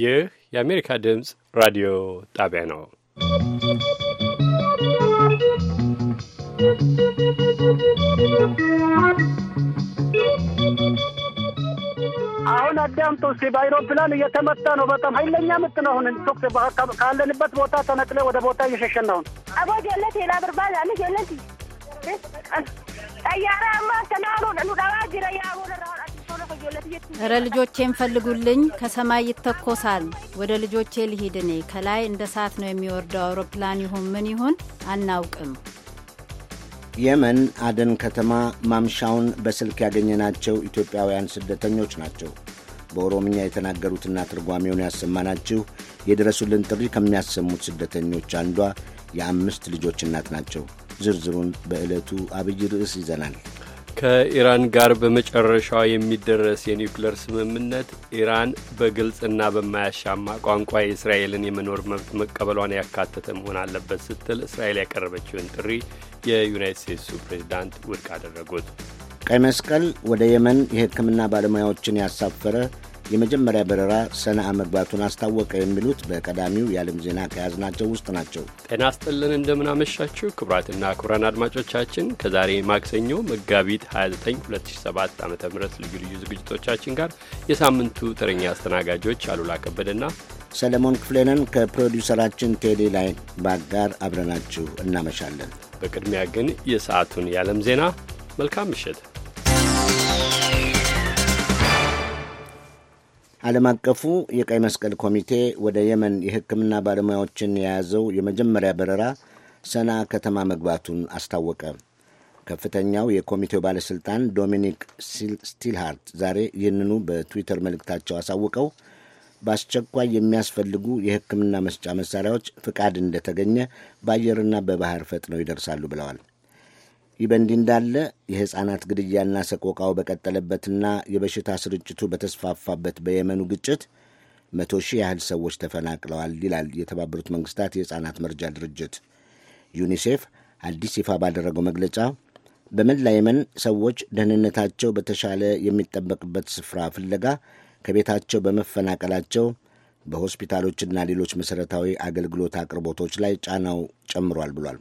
ይህ የአሜሪካ ድምፅ ራዲዮ ጣቢያ ነው። አሁን አዳምጡ እስኪ። በአይሮፕላን እየተመታ ነው። በጣም ኃይለኛ ምት ነው። አሁን ቶክ ካለንበት ቦታ ተነቅለ ወደ ቦታ እየሸሸን ነው። አቦድ የለት ሌላ ብርባን አለ የለት ጠያራ ማ ተናሩ ኑዳዋ ጅረ ያቡረ እረ ልጆቼን ፈልጉልኝ፣ ከሰማይ ይተኮሳል። ወደ ልጆቼ ልሂድ እኔ። ከላይ እንደ ሰዓት ነው የሚወርደው። አውሮፕላን ይሁን ምን ይሁን አናውቅም። የመን አደን ከተማ ማምሻውን በስልክ ያገኘናቸው ኢትዮጵያውያን ስደተኞች ናቸው። በኦሮምኛ የተናገሩትና ትርጓሜውን ያሰማናችሁ የድረሱልን ጥሪ ከሚያሰሙት ስደተኞች አንዷ የአምስት ልጆች እናት ናቸው። ዝርዝሩን በዕለቱ አብይ ርዕስ ይዘናል። ከኢራን ጋር በመጨረሻው የሚደረስ የኒውክሌር ስምምነት ኢራን በግልጽና በማያሻማ ቋንቋ የእስራኤልን የመኖር መብት መቀበሏን ያካተተ መሆን አለበት ስትል እስራኤል ያቀረበችውን ጥሪ የዩናይት ስቴትሱ ፕሬዚዳንት ውድቅ አደረጉት። ቀይ መስቀል ወደ የመን የሕክምና ባለሙያዎችን ያሳፈረ የመጀመሪያ በረራ ሰነአ መግባቱን አስታወቀ። የሚሉት በቀዳሚው የዓለም ዜና ከያዝናቸው ውስጥ ናቸው። ጤና ስጥልን እንደምናመሻችሁ ክቡራትና ክቡራን አድማጮቻችን ከዛሬ ማክሰኞ መጋቢት 29 2007 ዓ ም ልዩ ልዩ ዝግጅቶቻችን ጋር የሳምንቱ ተረኛ አስተናጋጆች አሉላ ከበደና ሰለሞን ክፍሌንን ከፕሮዲውሰራችን ቴሌ ላይ ባጋር አብረናችሁ እናመሻለን። በቅድሚያ ግን የሰዓቱን የዓለም ዜና። መልካም ምሽት። ዓለም አቀፉ የቀይ መስቀል ኮሚቴ ወደ የመን የሕክምና ባለሙያዎችን የያዘው የመጀመሪያ በረራ ሰና ከተማ መግባቱን አስታወቀ። ከፍተኛው የኮሚቴው ባለሥልጣን ዶሚኒክ ስቲልሃርት ዛሬ ይህንኑ በትዊተር መልእክታቸው አሳውቀው በአስቸኳይ የሚያስፈልጉ የሕክምና መስጫ መሣሪያዎች ፍቃድ እንደተገኘ በአየርና በባህር ፈጥነው ይደርሳሉ ብለዋል። ይህ በእንዲህ እንዳለ የሕፃናት ግድያና ሰቆቃው በቀጠለበትና የበሽታ ስርጭቱ በተስፋፋበት በየመኑ ግጭት መቶ ሺህ ያህል ሰዎች ተፈናቅለዋል ይላል የተባበሩት መንግስታት የሕፃናት መርጃ ድርጅት። ዩኒሴፍ አዲስ ይፋ ባደረገው መግለጫ በመላ የመን ሰዎች ደህንነታቸው በተሻለ የሚጠበቅበት ስፍራ ፍለጋ ከቤታቸው በመፈናቀላቸው በሆስፒታሎችና ሌሎች መሠረታዊ አገልግሎት አቅርቦቶች ላይ ጫናው ጨምሯል ብሏል።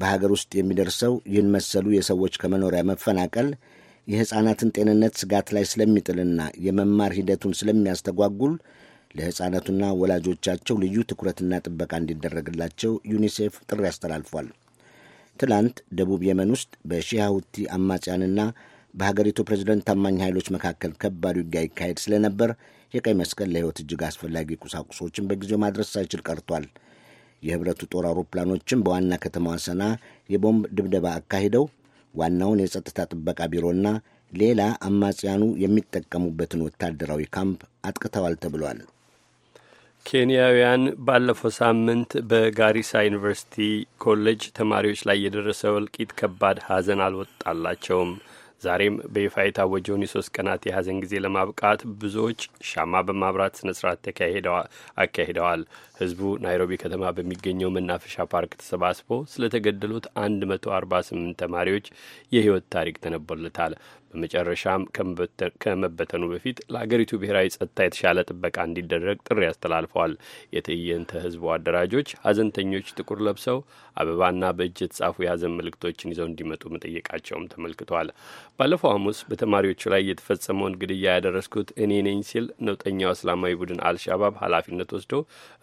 በሀገር ውስጥ የሚደርሰው ይህን መሰሉ የሰዎች ከመኖሪያ መፈናቀል የሕፃናትን ጤንነት ስጋት ላይ ስለሚጥልና የመማር ሂደቱን ስለሚያስተጓጉል ለሕፃናቱና ወላጆቻቸው ልዩ ትኩረትና ጥበቃ እንዲደረግላቸው ዩኒሴፍ ጥሪ አስተላልፏል። ትላንት ደቡብ የመን ውስጥ በሺህ ሁቲ አማጽያንና በሀገሪቱ ፕሬዝደንት ታማኝ ኃይሎች መካከል ከባድ ውጊያ ይካሄድ ስለነበር የቀይ መስቀል ለሕይወት እጅግ አስፈላጊ ቁሳቁሶችን በጊዜው ማድረስ ሳይችል ቀርቷል። የህብረቱ ጦር አውሮፕላኖችም በዋና ከተማዋ ሰና የቦምብ ድብደባ አካሂደው ዋናውን የጸጥታ ጥበቃ ቢሮና ሌላ አማጽያኑ የሚጠቀሙበትን ወታደራዊ ካምፕ አጥቅተዋል ተብሏል። ኬንያውያን ባለፈው ሳምንት በጋሪሳ ዩኒቨርሲቲ ኮሌጅ ተማሪዎች ላይ የደረሰው እልቂት ከባድ ሐዘን አልወጣላቸውም። ዛሬም በይፋ የታወጀውን የሶስት ቀናት የሐዘን ጊዜ ለማብቃት ብዙዎች ሻማ በማብራት ስነ ስርዓት አካሂደዋል። ህዝቡ ናይሮቢ ከተማ በሚገኘው መናፈሻ ፓርክ ተሰባስቦ ስለተገደሉት 148 ተማሪዎች የህይወት ታሪክ ተነቦለታል። በመጨረሻም ከመበተኑ በፊት ለአገሪቱ ብሔራዊ ጸጥታ የተሻለ ጥበቃ እንዲደረግ ጥሪ አስተላልፈዋል። የትዕይንተ ህዝቡ አደራጆች ሀዘንተኞች ጥቁር ለብሰው አበባና በእጅ የተጻፉ የሀዘን ምልክቶችን ይዘው እንዲመጡ መጠየቃቸውም ተመልክቷል። ባለፈው ሐሙስ በተማሪዎቹ ላይ የተፈጸመውን ግድያ ያደረስኩት እኔ ነኝ ሲል ነውጠኛው እስላማዊ ቡድን አልሻባብ ኃላፊነት ወስዶ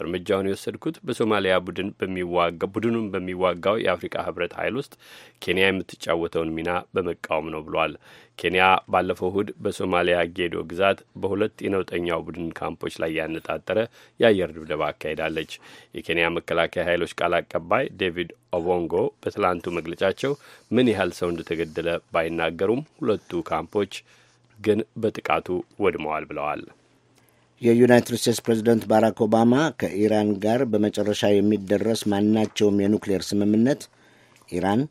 እርምጃ እርምጃውን የወሰድኩት በሶማሊያ ቡድን በሚዋጋ ቡድኑን በሚዋጋው የአፍሪካ ህብረት ኃይል ውስጥ ኬንያ የምትጫወተውን ሚና በመቃወም ነው ብሏል። ኬንያ ባለፈው እሁድ በሶማሊያ ጌዶ ግዛት በሁለት የነውጠኛው ቡድን ካምፖች ላይ ያነጣጠረ የአየር ድብደባ አካሂዳለች። የኬንያ መከላከያ ኃይሎች ቃል አቀባይ ዴቪድ ኦቮንጎ በትላንቱ መግለጫቸው ምን ያህል ሰው እንደተገደለ ባይናገሩም ሁለቱ ካምፖች ግን በጥቃቱ ወድመዋል ብለዋል። የዩናይትድ ስቴትስ ፕሬዚደንት ባራክ ኦባማ ከኢራን ጋር በመጨረሻ የሚደረስ ማናቸውም የኑክሌር ስምምነት ኢራን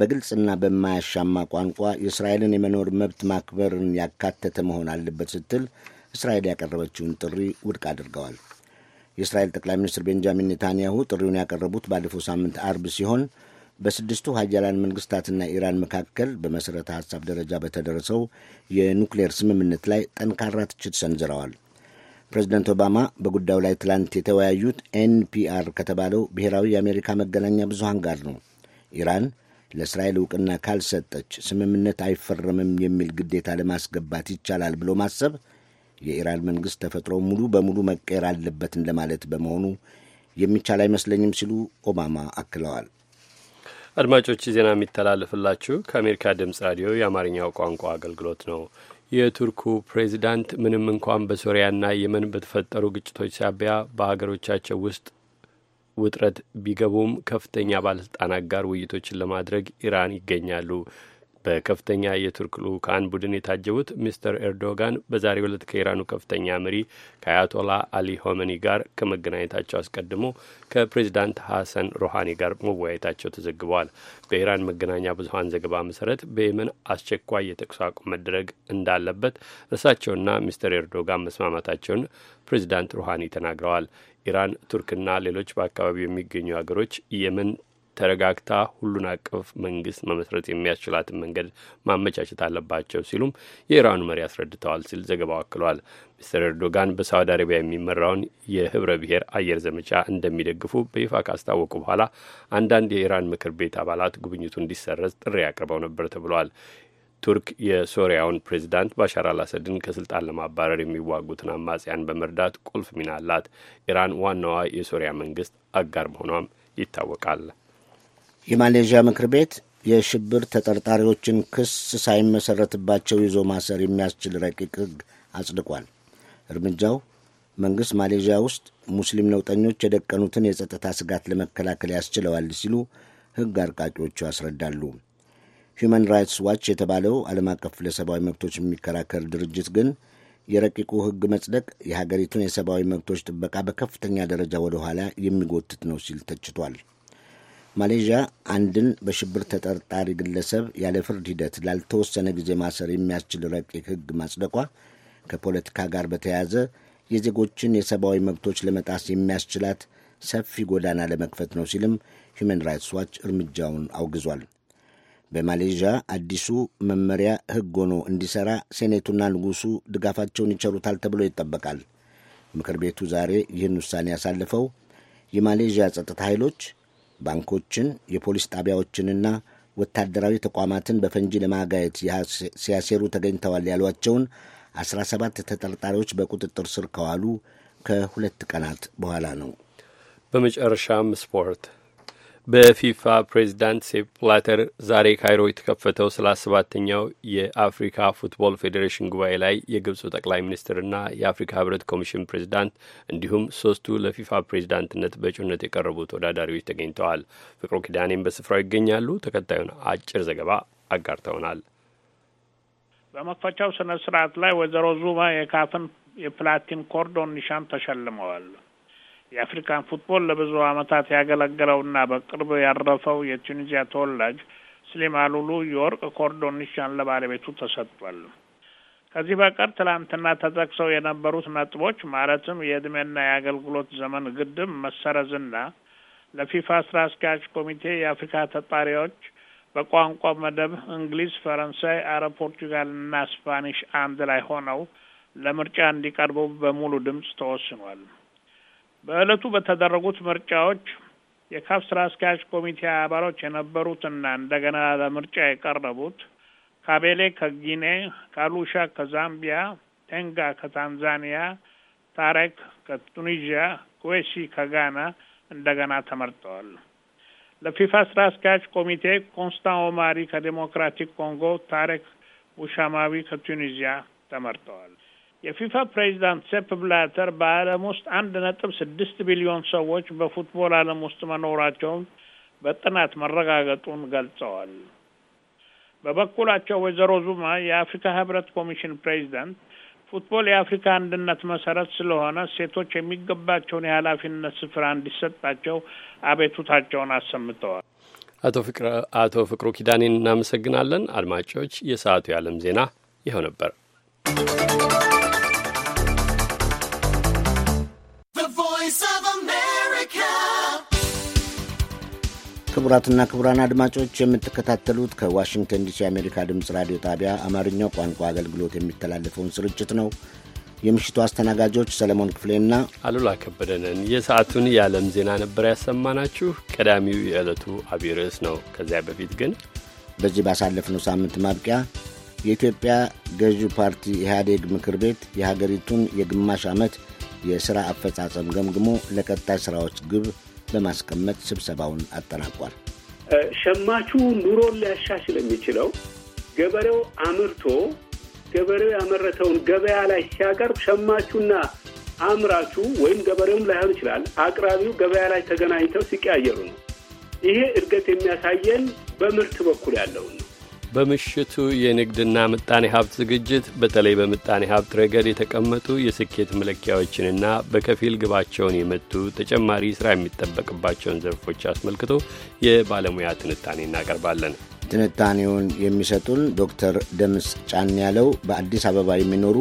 በግልጽና በማያሻማ ቋንቋ የእስራኤልን የመኖር መብት ማክበርን ያካተተ መሆን አለበት ስትል እስራኤል ያቀረበችውን ጥሪ ውድቅ አድርገዋል። የእስራኤል ጠቅላይ ሚኒስትር ቤንጃሚን ኔታንያሁ ጥሪውን ያቀረቡት ባለፈው ሳምንት አርብ ሲሆን በስድስቱ ሀያላን መንግስታትና ኢራን መካከል በመሠረተ ሐሳብ ደረጃ በተደረሰው የኑክሌር ስምምነት ላይ ጠንካራ ትችት ሰንዝረዋል። ፕሬዚደንት ኦባማ በጉዳዩ ላይ ትላንት የተወያዩት ኤንፒአር ከተባለው ብሔራዊ የአሜሪካ መገናኛ ብዙሃን ጋር ነው። ኢራን ለእስራኤል እውቅና ካልሰጠች ስምምነት አይፈረምም የሚል ግዴታ ለማስገባት ይቻላል ብሎ ማሰብ የኢራን መንግሥት ተፈጥሮ ሙሉ በሙሉ መቀየር አለበት እንደማለት በመሆኑ የሚቻል አይመስለኝም ሲሉ ኦባማ አክለዋል። አድማጮች ዜና የሚተላለፍላችሁ ከአሜሪካ ድምጽ ራዲዮ የአማርኛው ቋንቋ አገልግሎት ነው። የቱርኩ ፕሬዚዳንት ምንም እንኳን በሶሪያና የመን በተፈጠሩ ግጭቶች ሳቢያ በሀገሮቻቸው ውስጥ ውጥረት ቢገቡም ከፍተኛ ባለስልጣናት ጋር ውይይቶችን ለማድረግ ኢራን ይገኛሉ። በከፍተኛ የቱርክ ልኡካን ቡድን የታጀቡት ሚስተር ኤርዶጋን በዛሬው ዕለት ከኢራኑ ከፍተኛ መሪ ከአያቶላ አሊ ሆመኒ ጋር ከመገናኘታቸው አስቀድሞ ከፕሬዚዳንት ሐሰን ሮሃኒ ጋር መወያየታቸው ተዘግበዋል። በኢራን መገናኛ ብዙኃን ዘገባ መሰረት በየመን አስቸኳይ የተኩስ አቁም መደረግ እንዳለበት እርሳቸውና ሚስተር ኤርዶጋን መስማማታቸውን ፕሬዚዳንት ሩሃኒ ተናግረዋል። ኢራን፣ ቱርክና ሌሎች በአካባቢው የሚገኙ ሀገሮች የመን ተረጋግታ ሁሉን አቀፍ መንግስት መመስረት የሚያስችላትን መንገድ ማመቻቸት አለባቸው ሲሉም የኢራኑ መሪ አስረድተዋል ሲል ዘገባው አክሏል። ሚስተር ኤርዶጋን በሳውዲ አረቢያ የሚመራውን የህብረ ብሔር አየር ዘመቻ እንደሚደግፉ በይፋ ካስታወቁ በኋላ አንዳንድ የኢራን ምክር ቤት አባላት ጉብኝቱ እንዲሰረዝ ጥሪ አቅርበው ነበር ተብሏል። ቱርክ የሶሪያውን ፕሬዚዳንት ባሻር አልአሰድን ከስልጣን ለማባረር የሚዋጉትን አማጽያን በመርዳት ቁልፍ ሚና አላት። ኢራን ዋናዋ የሶሪያ መንግስት አጋር መሆኗም ይታወቃል። የማሌዥያ ምክር ቤት የሽብር ተጠርጣሪዎችን ክስ ሳይመሰረትባቸው ይዞ ማሰር የሚያስችል ረቂቅ ሕግ አጽድቋል። እርምጃው መንግሥት ማሌዥያ ውስጥ ሙስሊም ነውጠኞች የደቀኑትን የጸጥታ ስጋት ለመከላከል ያስችለዋል ሲሉ ሕግ አርቃቂዎቹ ያስረዳሉ። ሁማን ራይትስ ዋች የተባለው ዓለም አቀፍ ለሰብአዊ መብቶች የሚከራከር ድርጅት ግን የረቂቁ ሕግ መጽደቅ የሀገሪቱን የሰብአዊ መብቶች ጥበቃ በከፍተኛ ደረጃ ወደ ኋላ የሚጎትት ነው ሲል ተችቷል። ማሌዥያ አንድን በሽብር ተጠርጣሪ ግለሰብ ያለ ፍርድ ሂደት ላልተወሰነ ጊዜ ማሰር የሚያስችል ረቂቅ ሕግ ማጽደቋ ከፖለቲካ ጋር በተያያዘ የዜጎችን የሰብአዊ መብቶች ለመጣስ የሚያስችላት ሰፊ ጎዳና ለመክፈት ነው ሲልም ሁመን ራይትስ ዋች እርምጃውን አውግዟል። በማሌዥያ አዲሱ መመሪያ ሕግ ሆኖ እንዲሠራ ሴኔቱና ንጉሡ ድጋፋቸውን ይቸሩታል ተብሎ ይጠበቃል። ምክር ቤቱ ዛሬ ይህን ውሳኔ ያሳለፈው የማሌዥያ ጸጥታ ኃይሎች ባንኮችን፣ የፖሊስ ጣቢያዎችንና ወታደራዊ ተቋማትን በፈንጂ ለማጋየት ሲያሴሩ ተገኝተዋል ያሏቸውን 17 ተጠርጣሪዎች በቁጥጥር ስር ከዋሉ ከሁለት ቀናት በኋላ ነው። በመጨረሻም ስፖርት በፊፋ ፕሬዚዳንት ሴፕ ብላተር ዛሬ ካይሮ የተከፈተው ሰላሳ ሰባተኛው የአፍሪካ ፉትቦል ፌዴሬሽን ጉባኤ ላይ የግብፁ ጠቅላይ ሚኒስትርና የአፍሪካ ህብረት ኮሚሽን ፕሬዚዳንት እንዲሁም ሶስቱ ለፊፋ ፕሬዚዳንትነት በእጩነት የቀረቡ ተወዳዳሪዎች ተገኝተዋል። ፍቅሩ ኪዳኔም በስፍራው ይገኛሉ። ተከታዩን አጭር ዘገባ አጋርተውናል። በመክፈቻው ስነ ስርዓት ላይ ወይዘሮ ዙማ የካፍን የፕላቲን ኮርዶን ኒሻን ተሸልመዋል። የአፍሪካን ፉትቦል ለብዙ ዓመታት ያገለገለውና በቅርብ ያረፈው የቱኒዚያ ተወላጅ ስሊም አሉሉ የወርቅ ኮርዶን ኒሻን ለባለቤቱ ተሰጥቷል። ከዚህ በቀር ትላንትና ተጠቅሰው የነበሩት ነጥቦች ማለትም የእድሜና የአገልግሎት ዘመን ግድም፣ መሰረዝና ለፊፋ ስራ አስኪያጅ ኮሚቴ የአፍሪካ ተጣሪዎች በቋንቋ መደብ እንግሊዝ፣ ፈረንሳይ፣ አረብ፣ እና ስፓኒሽ አንድ ላይ ሆነው ለምርጫ እንዲቀርቡ በሙሉ ድምፅ ተወስኗል። በዕለቱ በተደረጉት ምርጫዎች የካፍ ስራ አስኪያጅ ኮሚቴ አባሎች የነበሩትና እንደገና ለምርጫ የቀረቡት ካቤሌ ከጊኔ፣ ካሉሻ ከዛምቢያ፣ ቴንጋ ከታንዛኒያ፣ ታሬክ ከቱኒዥያ፣ ኩዌሲ ከጋና እንደገና ተመርጠዋል። ለፊፋ ስራ አስኪያጅ ኮሚቴ ኮንስታን ኦማሪ ከዴሞክራቲክ ኮንጎ፣ ታሬክ ቡሻማዊ ከቱኒዚያ ተመርጠዋል። የፊፋ ፕሬዚዳንት ሴፕ ብላተር በዓለም ውስጥ አንድ ነጥብ ስድስት ቢሊዮን ሰዎች በፉትቦል ዓለም ውስጥ መኖራቸውን በጥናት መረጋገጡን ገልጸዋል። በበኩላቸው ወይዘሮ ዙማ የአፍሪካ ህብረት ኮሚሽን ፕሬዚዳንት ፉትቦል የአፍሪካ አንድነት መሰረት ስለሆነ ሴቶች የሚገባቸውን የኃላፊነት ስፍራ እንዲሰጣቸው አቤቱታቸውን አሰምተዋል። አቶ ፍቅሩ ኪዳኔን እናመሰግናለን። አድማጮች፣ የሰዓቱ የዓለም ዜና ይኸው ነበር። ክቡራትና ክቡራን አድማጮች የምትከታተሉት ከዋሽንግተን ዲሲ የአሜሪካ ድምፅ ራዲዮ ጣቢያ አማርኛው ቋንቋ አገልግሎት የሚተላለፈውን ስርጭት ነው። የምሽቱ አስተናጋጆች ሰለሞን ክፍሌና አሉላ ከበደንን የሰዓቱን የዓለም ዜና ነበር ያሰማናችሁ። ቀዳሚው የዕለቱ አብይ ርዕስ ነው። ከዚያ በፊት ግን በዚህ ባሳለፍነው ሳምንት ማብቂያ የኢትዮጵያ ገዢው ፓርቲ ኢህአዴግ ምክር ቤት የሀገሪቱን የግማሽ ዓመት የሥራ አፈጻጸም ገምግሞ ለቀጣይ ሥራዎች ግብ በማስቀመጥ ስብሰባውን አጠናቋል። ሸማቹ ኑሮን ሊያሻሽል የሚችለው ገበሬው አምርቶ ገበሬው ያመረተውን ገበያ ላይ ሲያቀርብ ሸማቹና አምራቹ ወይም ገበሬውም ላይሆን ይችላል አቅራቢው ገበያ ላይ ተገናኝተው ሲቀያየሩ ነው። ይሄ እድገት የሚያሳየን በምርት በኩል ያለውን በምሽቱ የንግድና ምጣኔ ሀብት ዝግጅት በተለይ በምጣኔ ሀብት ረገድ የተቀመጡ የስኬት መለኪያዎችንና በከፊል ግባቸውን የመቱ ተጨማሪ ስራ የሚጠበቅባቸውን ዘርፎች አስመልክቶ የባለሙያ ትንታኔ እናቀርባለን። ትንታኔውን የሚሰጡን ዶክተር ደምስ ጫን ያለው በአዲስ አበባ የሚኖሩ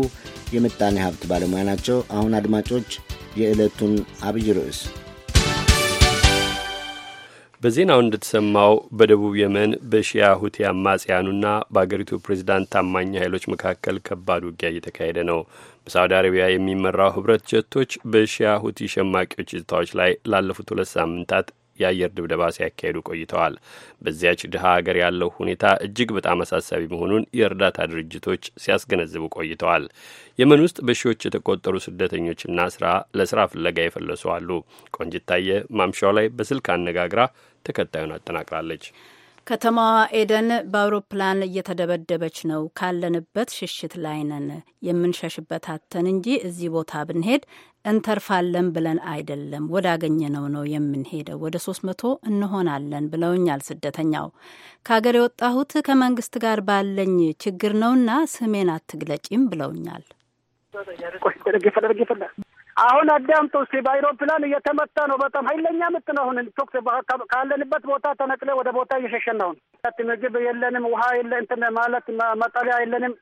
የምጣኔ ሀብት ባለሙያ ናቸው። አሁን አድማጮች የዕለቱን አብይ ርዕስ በዜናው እንደተሰማው በደቡብ የመን በሺያ ሁቴ አማጽያኑና በአገሪቱ ፕሬዚዳንት ታማኝ ኃይሎች መካከል ከባድ ውጊያ እየተካሄደ ነው። በሳውዲ አረቢያ የሚመራው ህብረት ጀቶች በሺያ ሁቲ ሸማቂዎች ይዞታዎች ላይ ላለፉት ሁለት ሳምንታት የአየር ድብደባ ሲያካሂዱ ቆይተዋል። በዚያች ድሀ አገር ያለው ሁኔታ እጅግ በጣም አሳሳቢ መሆኑን የእርዳታ ድርጅቶች ሲያስገነዝቡ ቆይተዋል። የመን ውስጥ በሺዎች የተቆጠሩ ስደተኞችና ስራ ለስራ ፍለጋ የፈለሱ አሉ። ቆንጅታየ ማምሻው ላይ በስልክ አነጋግራ ተከታዩን አጠናቅራለች። ከተማዋ ኤደን በአውሮፕላን እየተደበደበች ነው። ካለንበት ሽሽት ላይ ነን። የምንሸሽበት አተን እንጂ እዚህ ቦታ ብንሄድ እንተርፋለን ብለን አይደለም። ወዳገኘነው ነው የምንሄደው። ወደ ሶስት መቶ እንሆናለን ብለውኛል። ስደተኛው ከሀገር የወጣሁት ከመንግስት ጋር ባለኝ ችግር ነውና ስሜን አትግለጪም ብለውኛል። አሁን አዳምጡ እስኪ በአይሮፕላን እየተመታ ነው። በጣም ኃይለኛ ምት ነው። አሁን ቶክስ ካለንበት ቦታ ተነቅለ ወደ ቦታ እየሸሸን ነው። ምግብ የለንም፣ ውሃ የለ እንትን ማለት መጠለያ የለንም።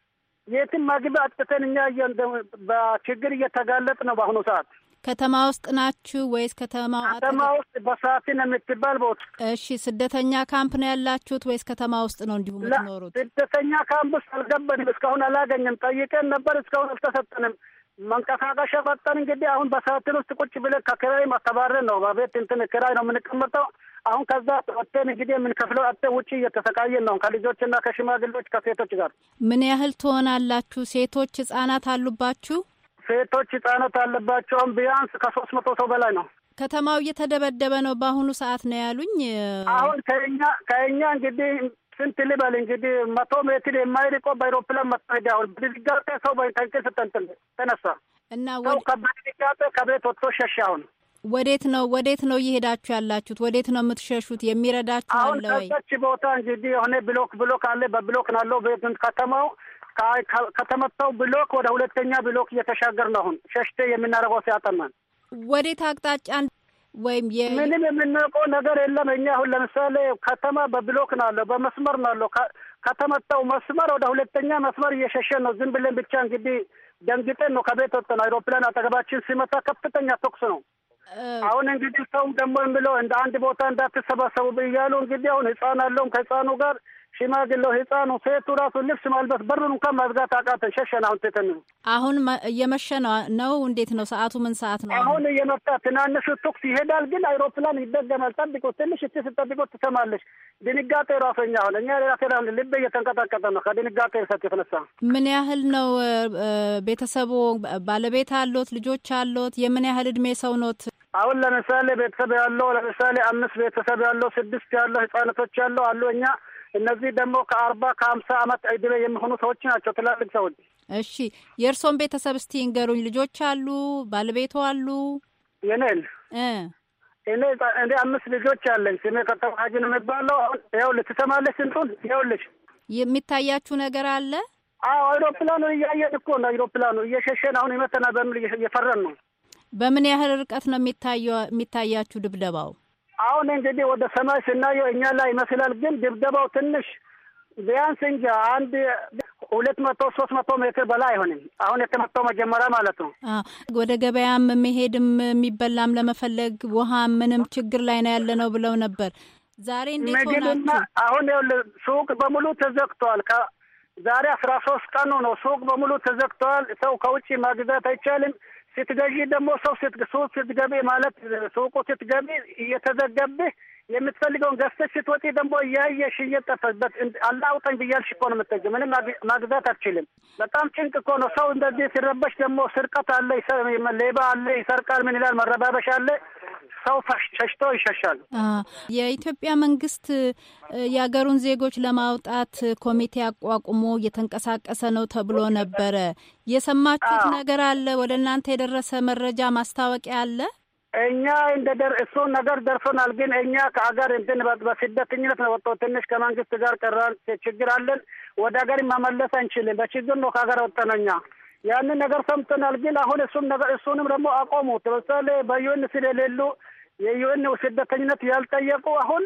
የትም ማግቢ አጥተን እኛ በችግር እየተጋለጥ ነው በአሁኑ ሰዓት። ከተማ ውስጥ ናችሁ ወይስ ከተማ ከተማ ውስጥ በሳፊን የምትባል ቦታ? እሺ፣ ስደተኛ ካምፕ ነው ያላችሁት ወይስ ከተማ ውስጥ ነው እንዲሁ የምትኖሩት? ስደተኛ ካምፕ ውስጥ አልገባንም። እስካሁን አላገኘም። ጠይቀን ነበር፣ እስካሁን አልተሰጠንም። መንቀሳቀሻ ፈጠን እንግዲህ አሁን በሳትን ውስጥ ቁጭ ብለን ከክራይ አስተባረን ነው በቤት እንትን ክራይ ነው የምንቀመጠው። አሁን ከዛ ወጥተን እንግዲህ የምንከፍለው አጥተን ውጭ እየተሰቃየን ነው ከልጆችና ከሽማግሌዎች ከሴቶች ጋር። ምን ያህል ትሆናላችሁ? ሴቶች ህጻናት አሉባችሁ? ሴቶች ህጻናት አለባቸውም። ቢያንስ ከሶስት መቶ ሰው በላይ ነው። ከተማው እየተደበደበ ነው በአሁኑ ሰዓት ነው ያሉኝ። አሁን ከኛ ከኛ እንግዲህ ስንት ልበል እንግዲህ መቶ ሜትር የማይርቆ በአይሮፕላን መጥቶ ሄደ። አሁን በድንጋጤ ሰው በእንቅልፍ ተንትን ተነሳ እና ሰው ከባድ በድንጋጤ ከቤት ወጥቶ ሸሽ አሁን ወዴት ነው ወዴት ነው እየሄዳችሁ ያላችሁት? ወዴት ነው የምትሸሹት? የሚረዳችሁ አለ ወይ? ከዛች ቦታ እንግዲህ የሆነ ብሎክ ብሎክ አለ። በብሎክ ናለው ቤት ከተማው ከተመታው ብሎክ ወደ ሁለተኛ ብሎክ እየተሻገር ነው አሁን ሸሽቴ የምናደርገው ሲያጠማን ወዴት አቅጣጫ ወይም ምንም የምናውቀው ነገር የለም። እኛ አሁን ለምሳሌ ከተማ በብሎክ ነው አለው በመስመር ነው አለው ከተመጣው መስመር ወደ ሁለተኛ መስመር እየሸሸ ነው። ዝም ብለን ብቻ እንግዲህ ደንግጠን ነው ከቤት ወጥተን አይሮፕላን አጠገባችን ሲመታ ከፍተኛ ተኩስ ነው። አሁን እንግዲህ ሰውም ደግሞ የምለው እንደ አንድ ቦታ እንዳትሰባሰቡ እያሉ እንግዲህ አሁን ህፃን አለውም ከህፃኑ ጋር ሽማግሌው፣ ህፃኑ፣ ሴቱ ራሱ ልብስ ማልበስ በሩን እንኳን መዝጋት አቃተን። ሸሸን። አሁን ትተን አሁን እየመሸ ነው። እንዴት ነው ሰዓቱ? ምን ሰዓት ነው? አሁን እየመጣ ትናንሹ ተኩስ ይሄዳል፣ ግን አይሮፕላን ይደገማል። ጠብቆ ትንሽ እቺ ስጠብቆ ትሰማለች። ድንጋጤ ራሱ እኛ አሁን እኛ ራሴ ልብ እየተንቀጠቀጠ ነው ከድንጋጤ ሰት የተነሳ። ምን ያህል ነው ቤተሰቡ? ባለቤት አሎት? ልጆች አሎት? የምን ያህል እድሜ ሰው ኖት? አሁን ለምሳሌ ቤተሰብ ያለው ለምሳሌ አምስት ቤተሰብ ያለው ስድስት ያለው ህጻነቶች ያለው አሉ እኛ እነዚህ ደግሞ ከአርባ ከሀምሳ አመት እድሜ የሚሆኑ ሰዎች ናቸው፣ ትላልቅ ሰዎች። እሺ የእርሶን ቤተሰብ እስቲ እንገሩኝ። ልጆች አሉ? ባለቤቱ አሉ? የኔል እኔ እንደ አምስት ልጆች አለኝ። ስሜ ከተማሀጅን የሚባለው አሁን ይኸውልሽ፣ ትሰማለሽ? ስንቱን ይኸውልሽ፣ የሚታያችሁ ነገር አለ? አዎ አይሮፕላኑ እያየን እኮ ነው። አይሮፕላኑ እየሸሸን አሁን ይመተና በምን እየፈረን ነው። በምን ያህል ርቀት ነው የሚታያችሁ ድብደባው? አሁን እንግዲህ ወደ ሰማይ ስናየው እኛ ላይ ይመስላል፣ ግን ድብደባው ትንሽ ቢያንስ እንጂ አንድ ሁለት መቶ ሶስት መቶ ሜትር በላይ አይሆንም። አሁን የተመታው መጀመሪያ ማለት ነው። ወደ ገበያም መሄድም የሚበላም ለመፈለግ ውሃ ምንም ችግር ላይ ነው ያለ ነው ብለው ነበር። ዛሬ እንዴት ሆናችሁ? አሁን ሱቅ በሙሉ ተዘግተዋል። ዛሬ አስራ ሶስት ቀኑ ነው። ሱቅ በሙሉ ተዘግተዋል። ሰው ከውጭ ማግዛት አይቻልም። ስትገዢ ደግሞ ሰው ሱቅ ስትገቢ ማለት ሱቁ ስትገቢ እየተዘገብህ የምትፈልገውን ገዝተሽ ስትወጪ ደግሞ እያየሽ እየጠፈበት አላውጠኝ ብያለሽ እኮ ነው የምትገዢው። ምንም ማግዛት አትችልም። በጣም ጭንቅ እኮ ነው። ሰው እንደዚህ ሲረበሽ ደግሞ ስርቀት አለ፣ ሌባ አለ፣ ይሰርቃል። ምን ይላል? መረባበሽ አለ። ሰው ሸሽቶ ይሸሻል። የኢትዮጵያ መንግስት የሀገሩን ዜጎች ለማውጣት ኮሚቴ አቋቁሞ እየተንቀሳቀሰ ነው ተብሎ ነበረ። የሰማችሁት ነገር አለ? ወደ እናንተ የደረሰ መረጃ ማስታወቂያ አለ? እኛ እንደ ደር እሱ ነገር ደርሶናል። ግን እኛ ከሀገር እንትን በስደተኝነት ነው ወጥቶ ትንሽ ከመንግስት ጋር ቀራን ችግር አለን። ወደ ሀገር መመለስ አንችልም። በችግር ነው ከሀገር ወጠነኛ ያንን ነገር ሰምተናል። ግን አሁን እሱም ነገር እሱንም ደግሞ አቆሙት። ለምሳሌ በዩን ስለሌሉ የዩን ስደተኝነት ያልጠየቁ አሁን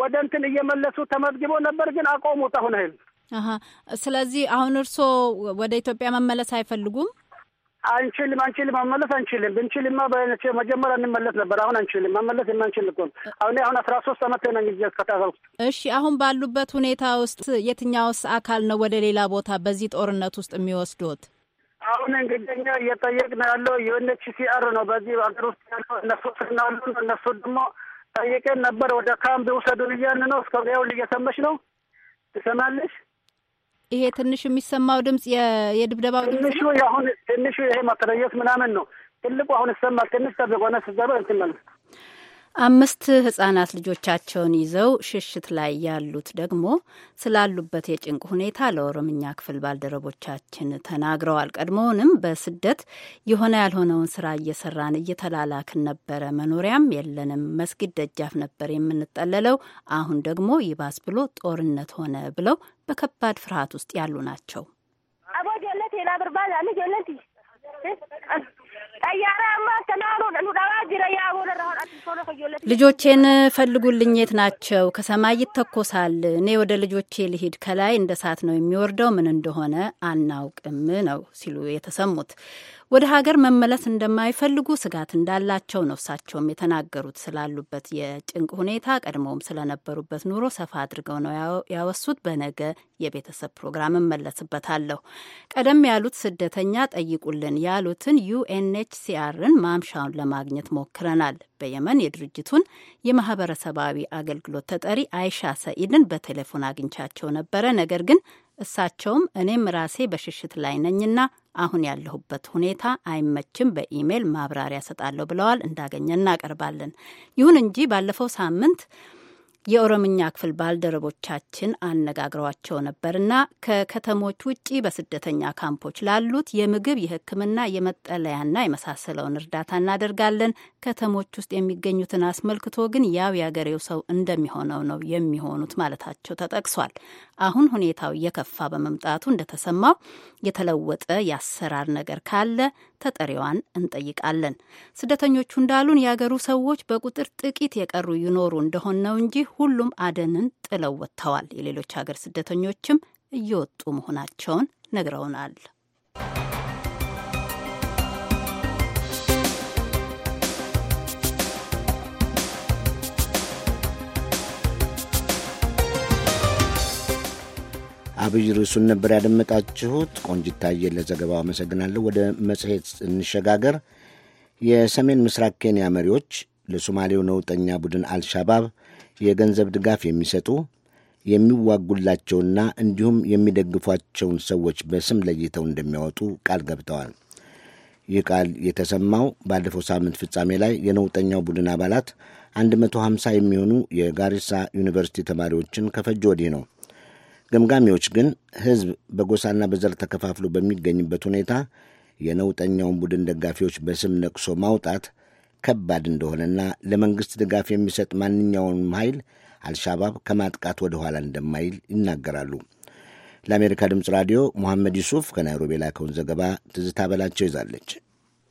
ወደ እንትን እየመለሱ ተመዝግቦ ነበር፣ ግን አቆሙት አሁን ይል ስለዚህ አሁን እርስዎ ወደ ኢትዮጵያ መመለስ አይፈልጉም? አንችልም፣ አንችልም፣ መመለስ አንችልም። ብንችልማ መጀመሪያ እንመለስ ነበር። አሁን አንችልም፣ መመለስ የማንችል እኮ አሁን አሁን አስራ ሶስት አመት ነኝ እስከታሰብኩ። እሺ፣ አሁን ባሉበት ሁኔታ ውስጥ የትኛውስ አካል ነው ወደ ሌላ ቦታ በዚህ ጦርነት ውስጥ የሚወስዱት? አሁን እንግዲህ እኛ እየጠየቅን ያለው ዩኤንኤችሲአር ነው። በዚህ ሀገር ውስጥ ያለው እነሱ ስናሉ እነሱ ደግሞ ጠይቀን ነበር። ወደ ካምፕ ውሰዱን እያን ነው እስከ ያውል እየሰመሽ ነው ትሰማለሽ። ይሄ ትንሽ የሚሰማው ድምፅ የድብደባው ትንሹ አሁን ትንሹ ይሄ ማተረየስ ምናምን ነው። ትልቁ አሁን ይሰማል። ትንሽ ጠብቆነ ስዘበ እንትመልስ አምስት ህጻናት ልጆቻቸውን ይዘው ሽሽት ላይ ያሉት ደግሞ ስላሉበት የጭንቅ ሁኔታ ለኦሮምኛ ክፍል ባልደረቦቻችን ተናግረዋል። ቀድሞውንም በስደት የሆነ ያልሆነውን ስራ እየሰራን እየተላላክን ነበረ። መኖሪያም የለንም። መስጊድ ደጃፍ ነበር የምንጠለለው። አሁን ደግሞ ይባስ ብሎ ጦርነት ሆነ ብለው በከባድ ፍርሃት ውስጥ ያሉ ናቸው። ልጆቼን ፈልጉልኝ፣ የት ናቸው? ከሰማይ ይተኮሳል። እኔ ወደ ልጆቼ ልሂድ። ከላይ እንደ እሳት ነው የሚወርደው። ምን እንደሆነ አናውቅም ነው ሲሉ የተሰሙት ወደ ሀገር መመለስ እንደማይፈልጉ ስጋት እንዳላቸው ነው እሳቸውም የተናገሩት። ስላሉበት የጭንቅ ሁኔታ ቀድሞውም ስለነበሩበት ኑሮ ሰፋ አድርገው ነው ያወሱት። በነገ የቤተሰብ ፕሮግራም እመለስበታለሁ። ቀደም ያሉት ስደተኛ ጠይቁልን ያሉትን ዩኤንኤችሲአርን ማምሻውን ለማግኘት ሞክረናል። በየመን የድርጅቱን የማህበረሰባዊ አገልግሎት ተጠሪ አይሻ ሰኢድን በቴሌፎን አግኝቻቸው ነበረ። ነገር ግን እሳቸውም እኔም ራሴ በሽሽት ላይ ነኝና አሁን ያለሁበት ሁኔታ አይመችም፣ በኢሜይል ማብራሪያ ሰጣለሁ ብለዋል። እንዳገኘ እናቀርባለን። ይሁን እንጂ ባለፈው ሳምንት የኦሮምኛ ክፍል ባልደረቦቻችን አነጋግሯቸው ነበርና ከከተሞች ውጪ በስደተኛ ካምፖች ላሉት የምግብ፣ የሕክምና፣ የመጠለያና የመሳሰለውን እርዳታ እናደርጋለን። ከተሞች ውስጥ የሚገኙትን አስመልክቶ ግን ያው የአገሬው ሰው እንደሚሆነው ነው የሚሆኑት ማለታቸው ተጠቅሷል። አሁን ሁኔታው እየከፋ በመምጣቱ እንደተሰማው የተለወጠ የአሰራር ነገር ካለ ተጠሪዋን እንጠይቃለን። ስደተኞቹ እንዳሉን የአገሩ ሰዎች በቁጥር ጥቂት የቀሩ ይኖሩ እንደሆን ነው እንጂ ሁሉም አደንን ጥለው ወጥተዋል። የሌሎች ሀገር ስደተኞችም እየወጡ መሆናቸውን ነግረውናል። አብይ ርዕሱን ነበር ያደመጣችሁት። ቆንጅታዬ ለዘገባው አመሰግናለሁ። ወደ መጽሔት እንሸጋገር። የሰሜን ምስራቅ ኬንያ መሪዎች ለሶማሌው ነውጠኛ ቡድን አልሻባብ የገንዘብ ድጋፍ የሚሰጡ የሚዋጉላቸውና እንዲሁም የሚደግፏቸውን ሰዎች በስም ለይተው እንደሚያወጡ ቃል ገብተዋል። ይህ ቃል የተሰማው ባለፈው ሳምንት ፍጻሜ ላይ የነውጠኛው ቡድን አባላት 150 የሚሆኑ የጋሪሳ ዩኒቨርሲቲ ተማሪዎችን ከፈጆ ወዲህ ነው። ገምጋሚዎች ግን ሕዝብ በጎሳና በዘር ተከፋፍሎ በሚገኝበት ሁኔታ የነውጠኛውን ቡድን ደጋፊዎች በስም ነቅሶ ማውጣት ከባድ እንደሆነና ለመንግሥት ድጋፍ የሚሰጥ ማንኛውንም ኃይል አልሻባብ ከማጥቃት ወደ ኋላ እንደማይል ይናገራሉ። ለአሜሪካ ድምፅ ራዲዮ ሙሐመድ ዩሱፍ ከናይሮቢ የላከውን ዘገባ ትዝታ በላቸው ይዛለች።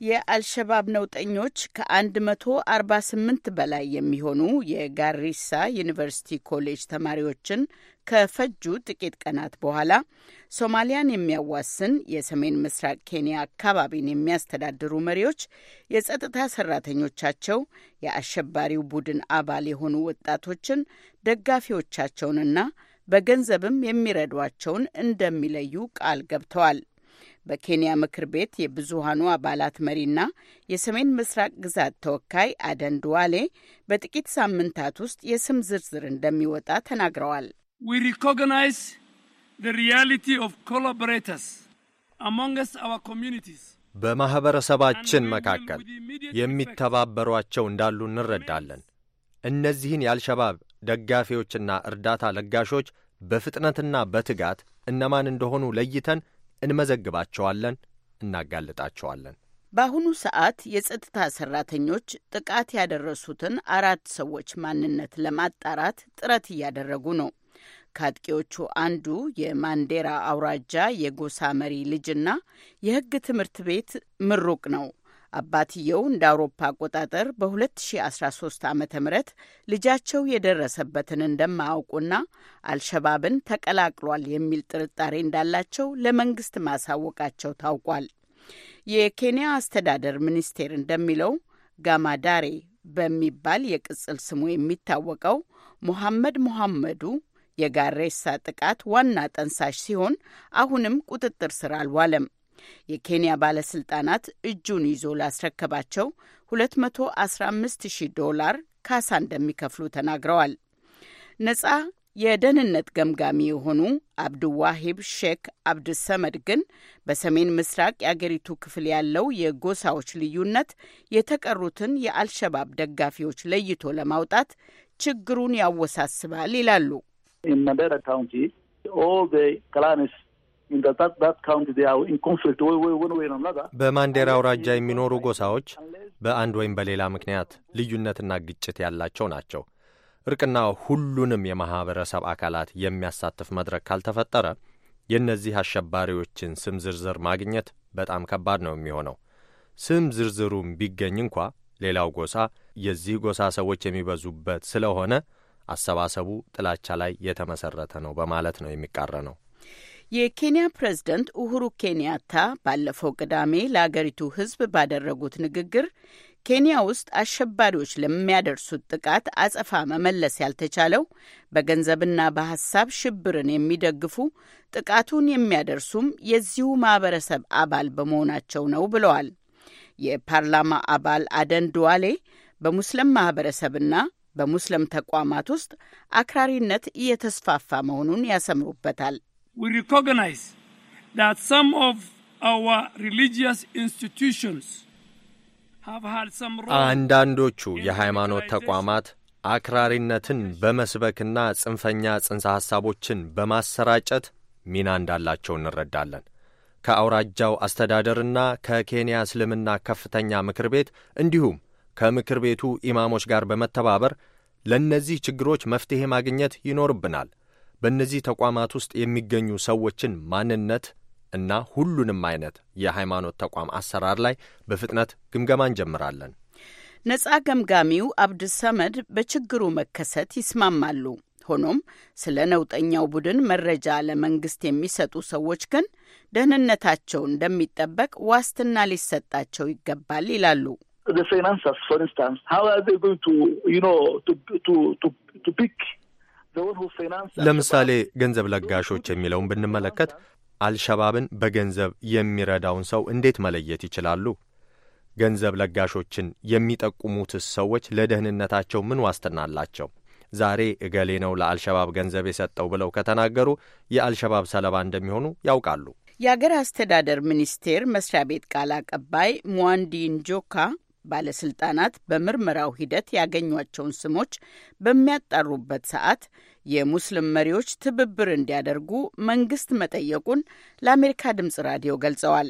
የአልሸባብ ነውጠኞች ከ148 በላይ የሚሆኑ የጋሪሳ ዩኒቨርሲቲ ኮሌጅ ተማሪዎችን ከፈጁ ጥቂት ቀናት በኋላ ሶማሊያን የሚያዋስን የሰሜን ምስራቅ ኬንያ አካባቢን የሚያስተዳድሩ መሪዎች የጸጥታ ሰራተኞቻቸው የአሸባሪው ቡድን አባል የሆኑ ወጣቶችን፣ ደጋፊዎቻቸውንና በገንዘብም የሚረዷቸውን እንደሚለዩ ቃል ገብተዋል። በኬንያ ምክር ቤት የብዙሃኑ አባላት መሪና የሰሜን ምስራቅ ግዛት ተወካይ አደን ዱዋሌ በጥቂት ሳምንታት ውስጥ የስም ዝርዝር እንደሚወጣ ተናግረዋል። We recognize the reality of collaborators us, our communities. በማኅበረሰባችን መካከል የሚተባበሯቸው እንዳሉ እንረዳለን። እነዚህን የአልሸባብ ደጋፊዎችና እርዳታ ለጋሾች በፍጥነትና በትጋት እነማን እንደሆኑ ለይተን እንመዘግባቸዋለን፣ እናጋልጣቸዋለን። በአሁኑ ሰዓት የጸጥታ ሠራተኞች ጥቃት ያደረሱትን አራት ሰዎች ማንነት ለማጣራት ጥረት እያደረጉ ነው። ከአጥቂዎቹ አንዱ የማንዴራ አውራጃ የጎሳ መሪ ልጅና የሕግ ትምህርት ቤት ምሩቅ ነው። አባትየው እንደ አውሮፓ አቆጣጠር በ2013 ዓ ም ልጃቸው የደረሰበትን እንደማያውቁና አልሸባብን ተቀላቅሏል የሚል ጥርጣሬ እንዳላቸው ለመንግስት ማሳወቃቸው ታውቋል። የኬንያ አስተዳደር ሚኒስቴር እንደሚለው ጋማዳሬ በሚባል የቅጽል ስሙ የሚታወቀው ሞሐመድ ሞሐመዱ የጋሬሳ ጥቃት ዋና ጠንሳሽ ሲሆን አሁንም ቁጥጥር ስር አልዋለም። የኬንያ ባለስልጣናት እጁን ይዞ ላስረከባቸው 215000 ዶላር ካሳ እንደሚከፍሉ ተናግረዋል። ነጻ የደህንነት ገምጋሚ የሆኑ አብዱዋሂብ ሼክ አብድሰመድ ግን በሰሜን ምስራቅ የአገሪቱ ክፍል ያለው የጎሳዎች ልዩነት የተቀሩትን የአልሸባብ ደጋፊዎች ለይቶ ለማውጣት ችግሩን ያወሳስባል ይላሉ። in Mandera County, all the clans in the, that, that county they are in conflict one way or another. በማንዴራ አውራጃ የሚኖሩ ጎሳዎች በአንድ ወይም በሌላ ምክንያት ልዩነትና ግጭት ያላቸው ናቸው። እርቅና ሁሉንም የማህበረሰብ አካላት የሚያሳትፍ መድረክ ካልተፈጠረ የእነዚህ አሸባሪዎችን ስም ዝርዝር ማግኘት በጣም ከባድ ነው የሚሆነው። ስም ዝርዝሩም ቢገኝ እንኳ ሌላው ጎሳ የዚህ ጎሳ ሰዎች የሚበዙበት ስለሆነ አሰባሰቡ ጥላቻ ላይ የተመሰረተ ነው በማለት ነው የሚቃረነው። የኬንያ ፕሬዝደንት ኡሁሩ ኬንያታ ባለፈው ቅዳሜ ለአገሪቱ ሕዝብ ባደረጉት ንግግር ኬንያ ውስጥ አሸባሪዎች ለሚያደርሱት ጥቃት አጸፋ መመለስ ያልተቻለው በገንዘብና በሀሳብ ሽብርን የሚደግፉ ጥቃቱን የሚያደርሱም የዚሁ ማህበረሰብ አባል በመሆናቸው ነው ብለዋል። የፓርላማ አባል አደን ዱዋሌ በሙስሊም ማህበረሰብና በሙስሊም ተቋማት ውስጥ አክራሪነት እየተስፋፋ መሆኑን ያሰምሩበታል። አንዳንዶቹ የሃይማኖት ተቋማት አክራሪነትን በመስበክና ጽንፈኛ ጽንሰ ሐሳቦችን በማሰራጨት ሚና እንዳላቸው እንረዳለን። ከአውራጃው አስተዳደርና ከኬንያ እስልምና ከፍተኛ ምክር ቤት እንዲሁም ከምክር ቤቱ ኢማሞች ጋር በመተባበር ለእነዚህ ችግሮች መፍትሔ ማግኘት ይኖርብናል። በእነዚህ ተቋማት ውስጥ የሚገኙ ሰዎችን ማንነት እና ሁሉንም አይነት የሃይማኖት ተቋም አሰራር ላይ በፍጥነት ግምገማ እንጀምራለን። ነጻ ገምጋሚው አብድሰመድ በችግሩ መከሰት ይስማማሉ። ሆኖም ስለ ነውጠኛው ቡድን መረጃ ለመንግስት የሚሰጡ ሰዎች ግን ደህንነታቸው እንደሚጠበቅ ዋስትና ሊሰጣቸው ይገባል ይላሉ። the finances, for instance, how are they going to, you know, to, to, to, to pick ለምሳሌ ገንዘብ ለጋሾች የሚለውን ብንመለከት አልሸባብን በገንዘብ የሚረዳውን ሰው እንዴት መለየት ይችላሉ? ገንዘብ ለጋሾችን የሚጠቁሙትስ ሰዎች ለደህንነታቸው ምን ዋስትና አላቸው? ዛሬ እገሌ ነው ለአልሸባብ ገንዘብ የሰጠው ብለው ከተናገሩ የአልሸባብ ሰለባ እንደሚሆኑ ያውቃሉ። የአገር አስተዳደር ሚኒስቴር መስሪያ ቤት ቃል አቀባይ ሙዋንዲ ንጆካ ባለስልጣናት በምርመራው ሂደት ያገኟቸውን ስሞች በሚያጣሩበት ሰዓት የሙስሊም መሪዎች ትብብር እንዲያደርጉ መንግስት መጠየቁን ለአሜሪካ ድምፅ ራዲዮ ገልጸዋል።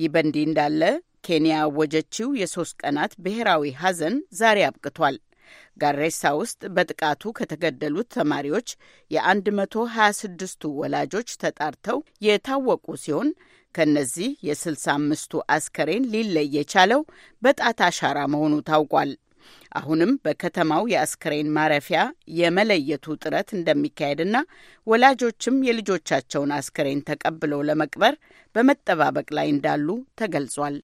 ይህ በእንዲህ እንዳለ ኬንያ ያወጀችው የሶስት ቀናት ብሔራዊ ሐዘን ዛሬ አብቅቷል። ጋሬሳ ውስጥ በጥቃቱ ከተገደሉት ተማሪዎች የ126ቱ ወላጆች ተጣርተው የታወቁ ሲሆን ከነዚህ የስልሳ አምስቱ አስከሬን ሊለይ የቻለው በጣት አሻራ መሆኑ ታውቋል። አሁንም በከተማው የአስከሬን ማረፊያ የመለየቱ ጥረት እንደሚካሄድና ወላጆችም የልጆቻቸውን አስከሬን ተቀብለው ለመቅበር በመጠባበቅ ላይ እንዳሉ ተገልጿል።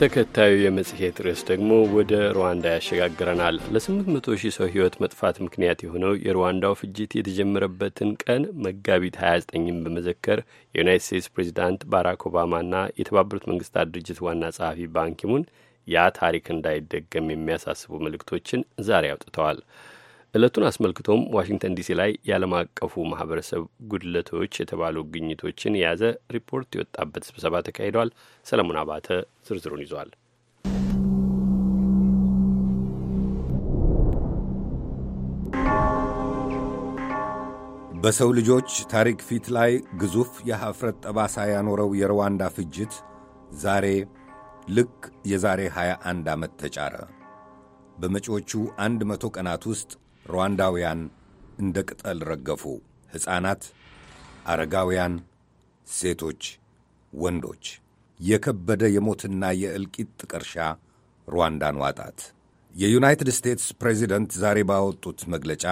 ተከታዩ የመጽሔት ርዕስ ደግሞ ወደ ሩዋንዳ ያሸጋግረናል። ለ800 ሺህ ሰው ሕይወት መጥፋት ምክንያት የሆነው የሩዋንዳው ፍጅት የተጀመረበትን ቀን መጋቢት 29ን በመዘከር የዩናይት ስቴትስ ፕሬዚዳንት ባራክ ኦባማና የተባበሩት መንግስታት ድርጅት ዋና ጸሐፊ ባንኪሙን ያ ታሪክ እንዳይደገም የሚያሳስቡ መልእክቶችን ዛሬ አውጥተዋል። ዕለቱን አስመልክቶም ዋሽንግተን ዲሲ ላይ የዓለም አቀፉ ማህበረሰብ ጉድለቶች የተባሉ ግኝቶችን የያዘ ሪፖርት የወጣበት ስብሰባ ተካሂደዋል። ሰለሞን አባተ ዝርዝሩን ይዟል። በሰው ልጆች ታሪክ ፊት ላይ ግዙፍ የሐፍረት ጠባሳ ያኖረው የሩዋንዳ ፍጅት ዛሬ ልክ የዛሬ 21 ዓመት ተጫረ። በመጪዎቹ አንድ መቶ ቀናት ውስጥ ሩዋንዳውያን እንደ ቅጠል ረገፉ። ሕፃናት፣ አረጋውያን፣ ሴቶች፣ ወንዶች የከበደ የሞትና የእልቂት ጥቀርሻ ሩዋንዳን ዋጣት። የዩናይትድ ስቴትስ ፕሬዚደንት ዛሬ ባወጡት መግለጫ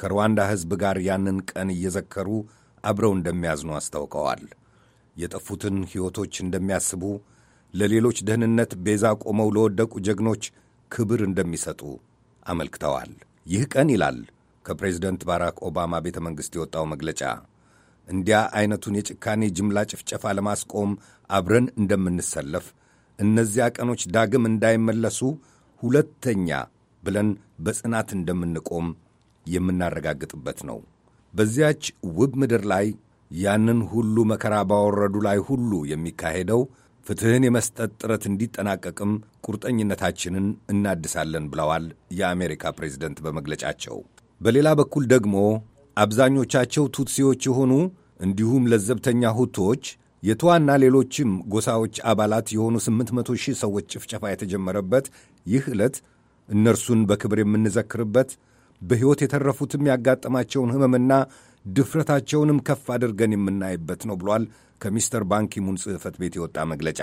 ከሩዋንዳ ሕዝብ ጋር ያንን ቀን እየዘከሩ አብረው እንደሚያዝኑ አስታውቀዋል። የጠፉትን ሕይወቶች እንደሚያስቡ፣ ለሌሎች ደህንነት ቤዛ ቆመው ለወደቁ ጀግኖች ክብር እንደሚሰጡ አመልክተዋል። ይህ ቀን ይላል ከፕሬዝደንት ባራክ ኦባማ ቤተ መንግሥት የወጣው መግለጫ እንዲያ አይነቱን የጭካኔ ጅምላ ጭፍጨፋ ለማስቆም አብረን እንደምንሰለፍ እነዚያ ቀኖች ዳግም እንዳይመለሱ ሁለተኛ ብለን በጽናት እንደምንቆም የምናረጋግጥበት ነው። በዚያች ውብ ምድር ላይ ያንን ሁሉ መከራ ባወረዱ ላይ ሁሉ የሚካሄደው ፍትሕን የመስጠት ጥረት እንዲጠናቀቅም ቁርጠኝነታችንን እናድሳለን ብለዋል የአሜሪካ ፕሬዝደንት በመግለጫቸው። በሌላ በኩል ደግሞ አብዛኞቻቸው ቱትሲዎች የሆኑ እንዲሁም ለዘብተኛ ሁቶዎች የተዋና ሌሎችም ጎሳዎች አባላት የሆኑ 800 ሺህ ሰዎች ጭፍጨፋ የተጀመረበት ይህ ዕለት እነርሱን በክብር የምንዘክርበት በሕይወት የተረፉትም ያጋጠማቸውን ሕመምና ድፍረታቸውንም ከፍ አድርገን የምናይበት ነው ብሏል ከሚስተር ባንኪሙን ጽሕፈት ቤት የወጣ መግለጫ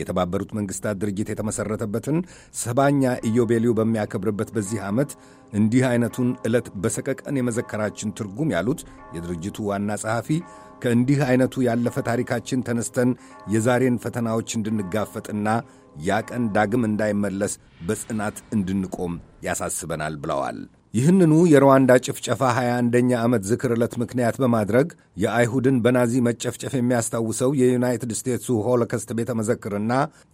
የተባበሩት መንግሥታት ድርጅት የተመሠረተበትን ሰባኛ ኢዮቤልዩ በሚያከብርበት በዚህ ዓመት እንዲህ ዐይነቱን ዕለት በሰቀቀን የመዘከራችን ትርጉም ያሉት የድርጅቱ ዋና ጸሐፊ ከእንዲህ ዐይነቱ ያለፈ ታሪካችን ተነስተን የዛሬን ፈተናዎች እንድንጋፈጥና ያ ቀን ዳግም እንዳይመለስ በጽናት እንድንቆም ያሳስበናል ብለዋል። ይህንኑ የሩዋንዳ ጭፍጨፋ 21ኛ ዓመት ዝክር ዕለት ምክንያት በማድረግ የአይሁድን በናዚ መጨፍጨፍ የሚያስታውሰው የዩናይትድ ስቴትሱ ሆሎኮስት ቤተ መዘክርና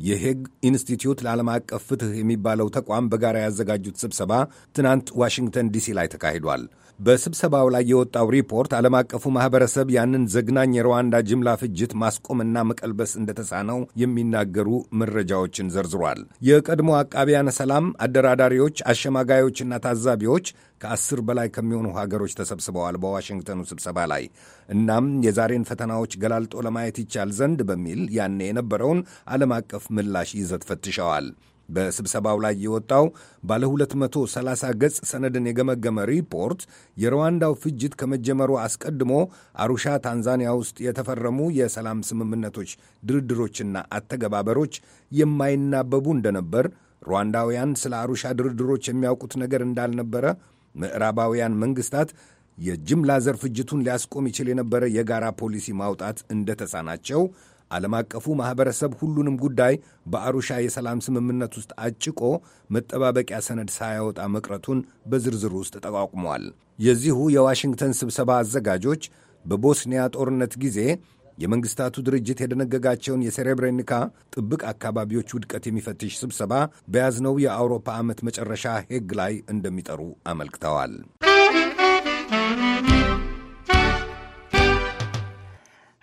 የሄግ ኢንስቲትዩት ለዓለም አቀፍ ፍትሕ የሚባለው ተቋም በጋራ ያዘጋጁት ስብሰባ ትናንት ዋሽንግተን ዲሲ ላይ ተካሂዷል። በስብሰባው ላይ የወጣው ሪፖርት ዓለም አቀፉ ማኅበረሰብ ያንን ዘግናኝ የሩዋንዳ ጅምላ ፍጅት ማስቆምና መቀልበስ እንደተሳነው የሚናገሩ መረጃዎችን ዘርዝሯል። የቀድሞ አቃቢያነ ሰላም አደራዳሪዎች፣ አሸማጋዮችና ታዛቢዎች ከአስር በላይ ከሚሆኑ ሀገሮች ተሰብስበዋል በዋሽንግተኑ ስብሰባ ላይ። እናም የዛሬን ፈተናዎች ገላልጦ ለማየት ይቻል ዘንድ በሚል ያኔ የነበረውን ዓለም አቀፍ ምላሽ ይዘት ፈትሸዋል። በስብሰባው ላይ የወጣው ባለ 230 ገጽ ሰነድን የገመገመ ሪፖርት የሩዋንዳው ፍጅት ከመጀመሩ አስቀድሞ አሩሻ ታንዛኒያ ውስጥ የተፈረሙ የሰላም ስምምነቶች ድርድሮችና አተገባበሮች የማይናበቡ እንደነበር፣ ሩዋንዳውያን ስለ አሩሻ ድርድሮች የሚያውቁት ነገር እንዳልነበረ፣ ምዕራባውያን መንግስታት የጅምላ ዘር ፍጅቱን ሊያስቆም ይችል የነበረ የጋራ ፖሊሲ ማውጣት እንደተሳናቸው ዓለም አቀፉ ማኅበረሰብ ሁሉንም ጉዳይ በአሩሻ የሰላም ስምምነት ውስጥ አጭቆ መጠባበቂያ ሰነድ ሳያወጣ መቅረቱን በዝርዝር ውስጥ ጠቋቁሟል። የዚሁ የዋሽንግተን ስብሰባ አዘጋጆች በቦስኒያ ጦርነት ጊዜ የመንግስታቱ ድርጅት የደነገጋቸውን የሴሬብሬኒካ ጥብቅ አካባቢዎች ውድቀት የሚፈትሽ ስብሰባ በያዝነው የአውሮፓ ዓመት መጨረሻ ሄግ ላይ እንደሚጠሩ አመልክተዋል።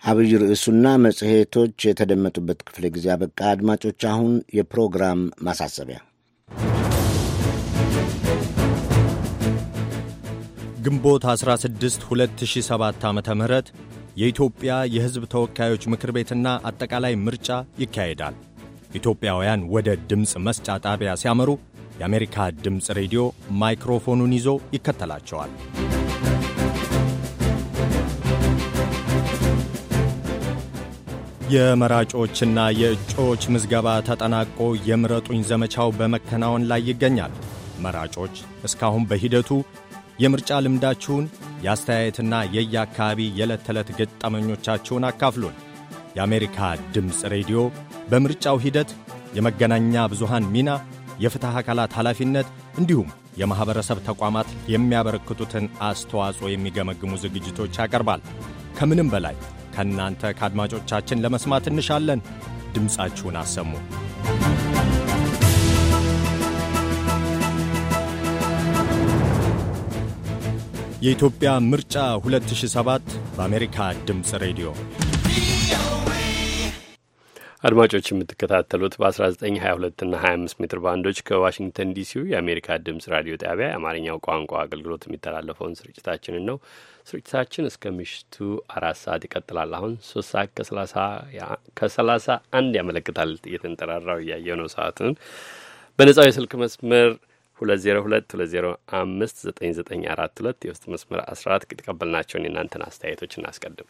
አብይ ርዕሱና መጽሔቶች የተደመጡበት ክፍለ ጊዜ አበቃ። አድማጮች፣ አሁን የፕሮግራም ማሳሰቢያ። ግንቦት 16 2007 ዓ ም የኢትዮጵያ የሕዝብ ተወካዮች ምክር ቤትና አጠቃላይ ምርጫ ይካሄዳል። ኢትዮጵያውያን ወደ ድምፅ መስጫ ጣቢያ ሲያመሩ የአሜሪካ ድምፅ ሬዲዮ ማይክሮፎኑን ይዞ ይከተላቸዋል። የመራጮችና የእጩዎች ምዝገባ ተጠናቆ የምረጡኝ ዘመቻው በመከናወን ላይ ይገኛል። መራጮች እስካሁን በሂደቱ የምርጫ ልምዳችሁን የአስተያየትና የየአካባቢ የዕለት ተዕለት ገጠመኞቻችሁን አካፍሉን። የአሜሪካ ድምፅ ሬዲዮ በምርጫው ሂደት የመገናኛ ብዙሃን ሚና፣ የፍትሕ አካላት ኃላፊነት እንዲሁም የማኅበረሰብ ተቋማት የሚያበረክቱትን አስተዋጽኦ የሚገመግሙ ዝግጅቶች ያቀርባል። ከምንም በላይ ከእናንተ ከአድማጮቻችን ለመስማት እንሻለን። ድምፃችሁን አሰሙ። የኢትዮጵያ ምርጫ 2007 በአሜሪካ ድምፅ ሬዲዮ አድማጮች የምትከታተሉት በ1922 እና 25 ሜትር ባንዶች ከዋሽንግተን ዲሲው የአሜሪካ ድምፅ ራዲዮ ጣቢያ የአማርኛው ቋንቋ አገልግሎት የሚተላለፈውን ስርጭታችንን ነው። ስርጭታችን እስከ ምሽቱ አራት ሰዓት ይቀጥላል። አሁን ሶስት ሰዓት ከሰላሳ አንድ ያመለክታል። እየተንጠራራው እያየው ነው ሰዓቱን በነጻው የስልክ መስመር 2022059942 የውስጥ መስመር 14 የተቀበልናቸውን የእናንተን አስተያየቶች እናስቀድም።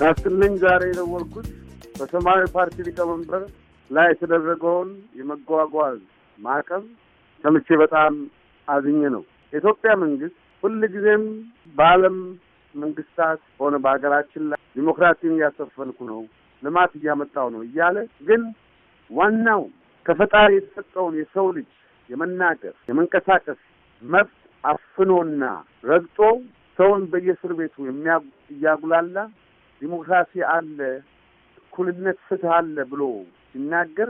ታስትልኝ ዛሬ የደወልኩት በሰማያዊ ፓርቲ ሊቀመንበር ላይ የተደረገውን የመጓጓዝ ማዕቀብ ሰምቼ በጣም አዝኝ ነው። የኢትዮጵያ መንግስት ሁልጊዜም በዓለም መንግስታት ሆነ በሀገራችን ላይ ዲሞክራሲን እያሰፈልኩ ነው፣ ልማት እያመጣው ነው እያለ ግን ዋናው ከፈጣሪ የተሰጠውን የሰው ልጅ የመናገር የመንቀሳቀስ መብት አፍኖና ረግጦ ሰውን በየእስር ቤቱ የሚያጉላላ ዲሞክራሲ አለ እኩልነት ፍትህ አለ ብሎ ሲናገር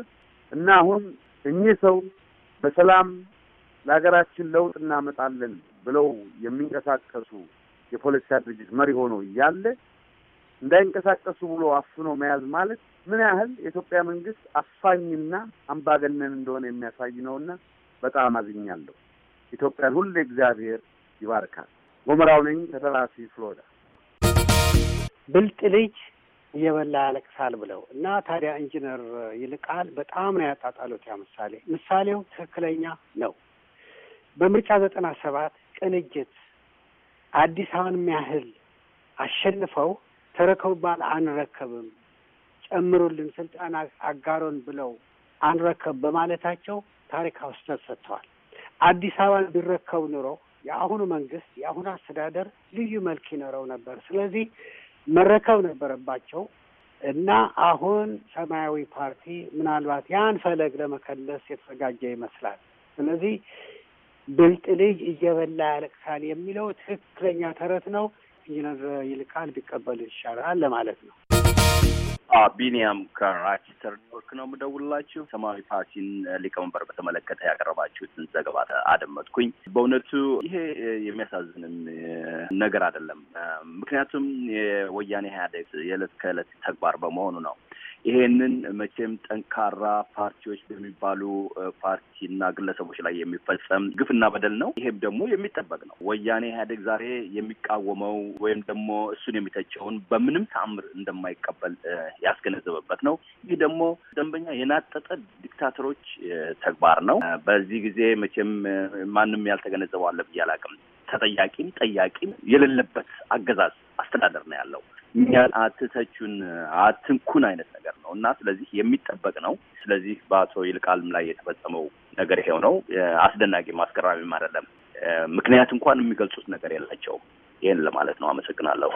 እና አሁን እኚህ ሰው በሰላም ለሀገራችን ለውጥ እናመጣለን ብለው የሚንቀሳቀሱ የፖለቲካ ድርጅት መሪ ሆኖ እያለ እንዳይንቀሳቀሱ ብሎ አፍኖ መያዝ ማለት ምን ያህል የኢትዮጵያ መንግስት አፋኝና አምባገነን እንደሆነ የሚያሳይ ነውና በጣም አዝኛለሁ። ኢትዮጵያን ሁሌ እግዚአብሔር ይባርካል። ጎመራው ነኝ ከተራሲ ፍሎዳ ብልጥ ልጅ እየበላ ያለቅሳል ብለው እና ታዲያ ኢንጂነር ይልቃል በጣም ነው ያጣጣሉት። ያ ምሳሌ ምሳሌው ትክክለኛ ነው። በምርጫ ዘጠና ሰባት ቅንጅት አዲስ አበባን ያህል አሸንፈው ተረከቡባል አንረከብም ጨምሩልን ስልጣን አጋሮን ብለው አንረከብ በማለታቸው ታሪክ ሐሰት ሰጥተዋል። አዲስ አበባን ቢረከቡ ኑሮ የአሁኑ መንግስት የአሁኑ አስተዳደር ልዩ መልክ ይኖረው ነበር። ስለዚህ መረከብ ነበረባቸው እና አሁን ሰማያዊ ፓርቲ ምናልባት ያን ፈለግ ለመከለስ የተዘጋጀ ይመስላል። ስለዚህ ብልጥ ልጅ እየበላ ያለቅሳል የሚለው ትክክለኛ ተረት ነው። ኢንጂነር ይልቃል ቢቀበል ይሻላል ለማለት ነው። ቢኒያም ከሮቸስተር ኒውዮርክ ነው የምደውልላችሁ። ሰማያዊ ፓርቲን ሊቀመንበር በተመለከተ ያቀረባችሁትን ዘገባ አደመጥኩኝ። በእውነቱ ይሄ የሚያሳዝንም ነገር አይደለም፣ ምክንያቱም የወያኔ ኢህአዴግ የዕለት ከዕለት ተግባር በመሆኑ ነው። ይሄንን መቼም ጠንካራ ፓርቲዎች በሚባሉ ፓርቲና ግለሰቦች ላይ የሚፈጸም ግፍና በደል ነው። ይሄም ደግሞ የሚጠበቅ ነው። ወያኔ ኢህአዴግ ዛሬ የሚቃወመው ወይም ደግሞ እሱን የሚተቸውን በምንም ተአምር እንደማይቀበል ያስገነዘበበት ነው። ይህ ደግሞ ደንበኛ የናጠጠ ዲክታተሮች ተግባር ነው። በዚህ ጊዜ መቼም ማንም ያልተገነዘበው አለ ብዬ አላቅም። ተጠያቂም ጠያቂም የሌለበት አገዛዝ አስተዳደር ነው ያለው። እኛን አትተቹን፣ አትንኩን አይነት ነገር ነው እና ስለዚህ የሚጠበቅ ነው። ስለዚህ በአቶ ይልቃልም ላይ የተፈጸመው ነገር ይሄው ነው። አስደናቂም አስገራሚም አይደለም። ምክንያት እንኳን የሚገልጹት ነገር የላቸውም። ይህን ለማለት ነው። አመሰግናለሁ።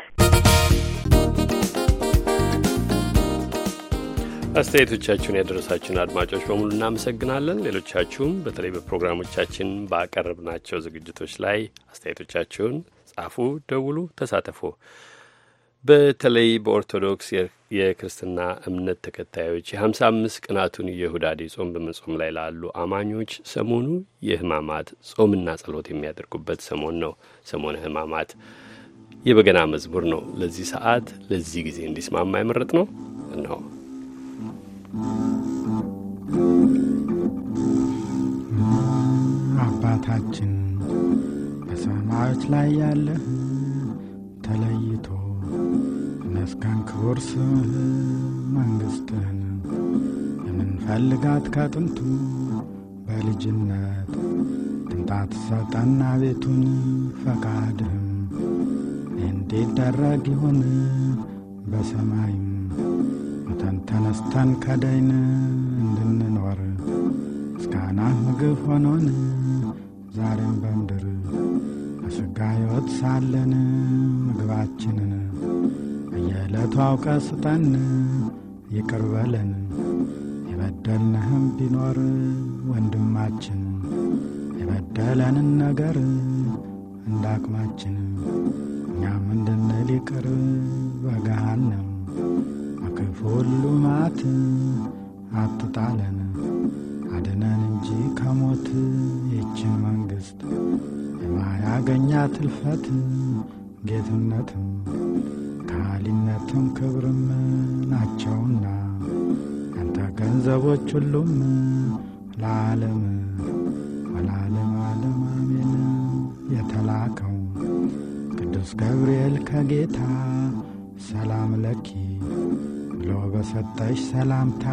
አስተያየቶቻችሁን ያደረሳችሁን አድማጮች በሙሉ እናመሰግናለን። ሌሎቻችሁም በተለይ በፕሮግራሞቻችን ባቀረብናቸው ዝግጅቶች ላይ አስተያየቶቻችሁን ጻፉ፣ ደውሉ፣ ተሳተፉ። በተለይ በኦርቶዶክስ የክርስትና እምነት ተከታዮች የሀምሳ አምስት ቀናቱን የሁዳዴ ጾም በመጾም ላይ ላሉ አማኞች ሰሞኑ የህማማት ጾምና ጸሎት የሚያደርጉበት ሰሞን ነው። ሰሞነ ህማማት የበገና መዝሙር ነው። ለዚህ ሰዓት ለዚህ ጊዜ እንዲስማማ የመረጥ ነው ነው አባታችን በሰማዮች ላይ ያለ ተለይቶ የነገስካን ክቡር ስምህ መንግስትህን የምንፈልጋት ከጥንቱ በልጅነት ትምጣት ሰጠና ቤቱን ፈቃድህም እንዲደረግ ይሁን በሰማይም ሙተን ተነስተን ከዳይን እንድንኖር ምስጋና ምግብ ሆኖን ዛሬም በምድር በስጋ ሕይወት ሳለን ምግባችንን በየዕለቱ አውቀ ስጠን ይቅር በለን የበደልንህም ቢኖር ወንድማችን የበደለንን ነገር እንዳቅማችን እኛም እንድንል ይቅር በገሃንም በክፉ ሁሉ ማት አትጣለን አድነን እንጂ ከሞት ይችን መንግሥት የማያገኛ ትልፈት ጌትነትም ታሊነትም ክብርም ናቸውና አንተ ገንዘቦች ሁሉም ለዓለም ወላለም ዓለም አሜን። የተላከው ቅዱስ ገብርኤል ከጌታ ሰላም ለኪ ብሎ በሰጠሽ ሰላምታ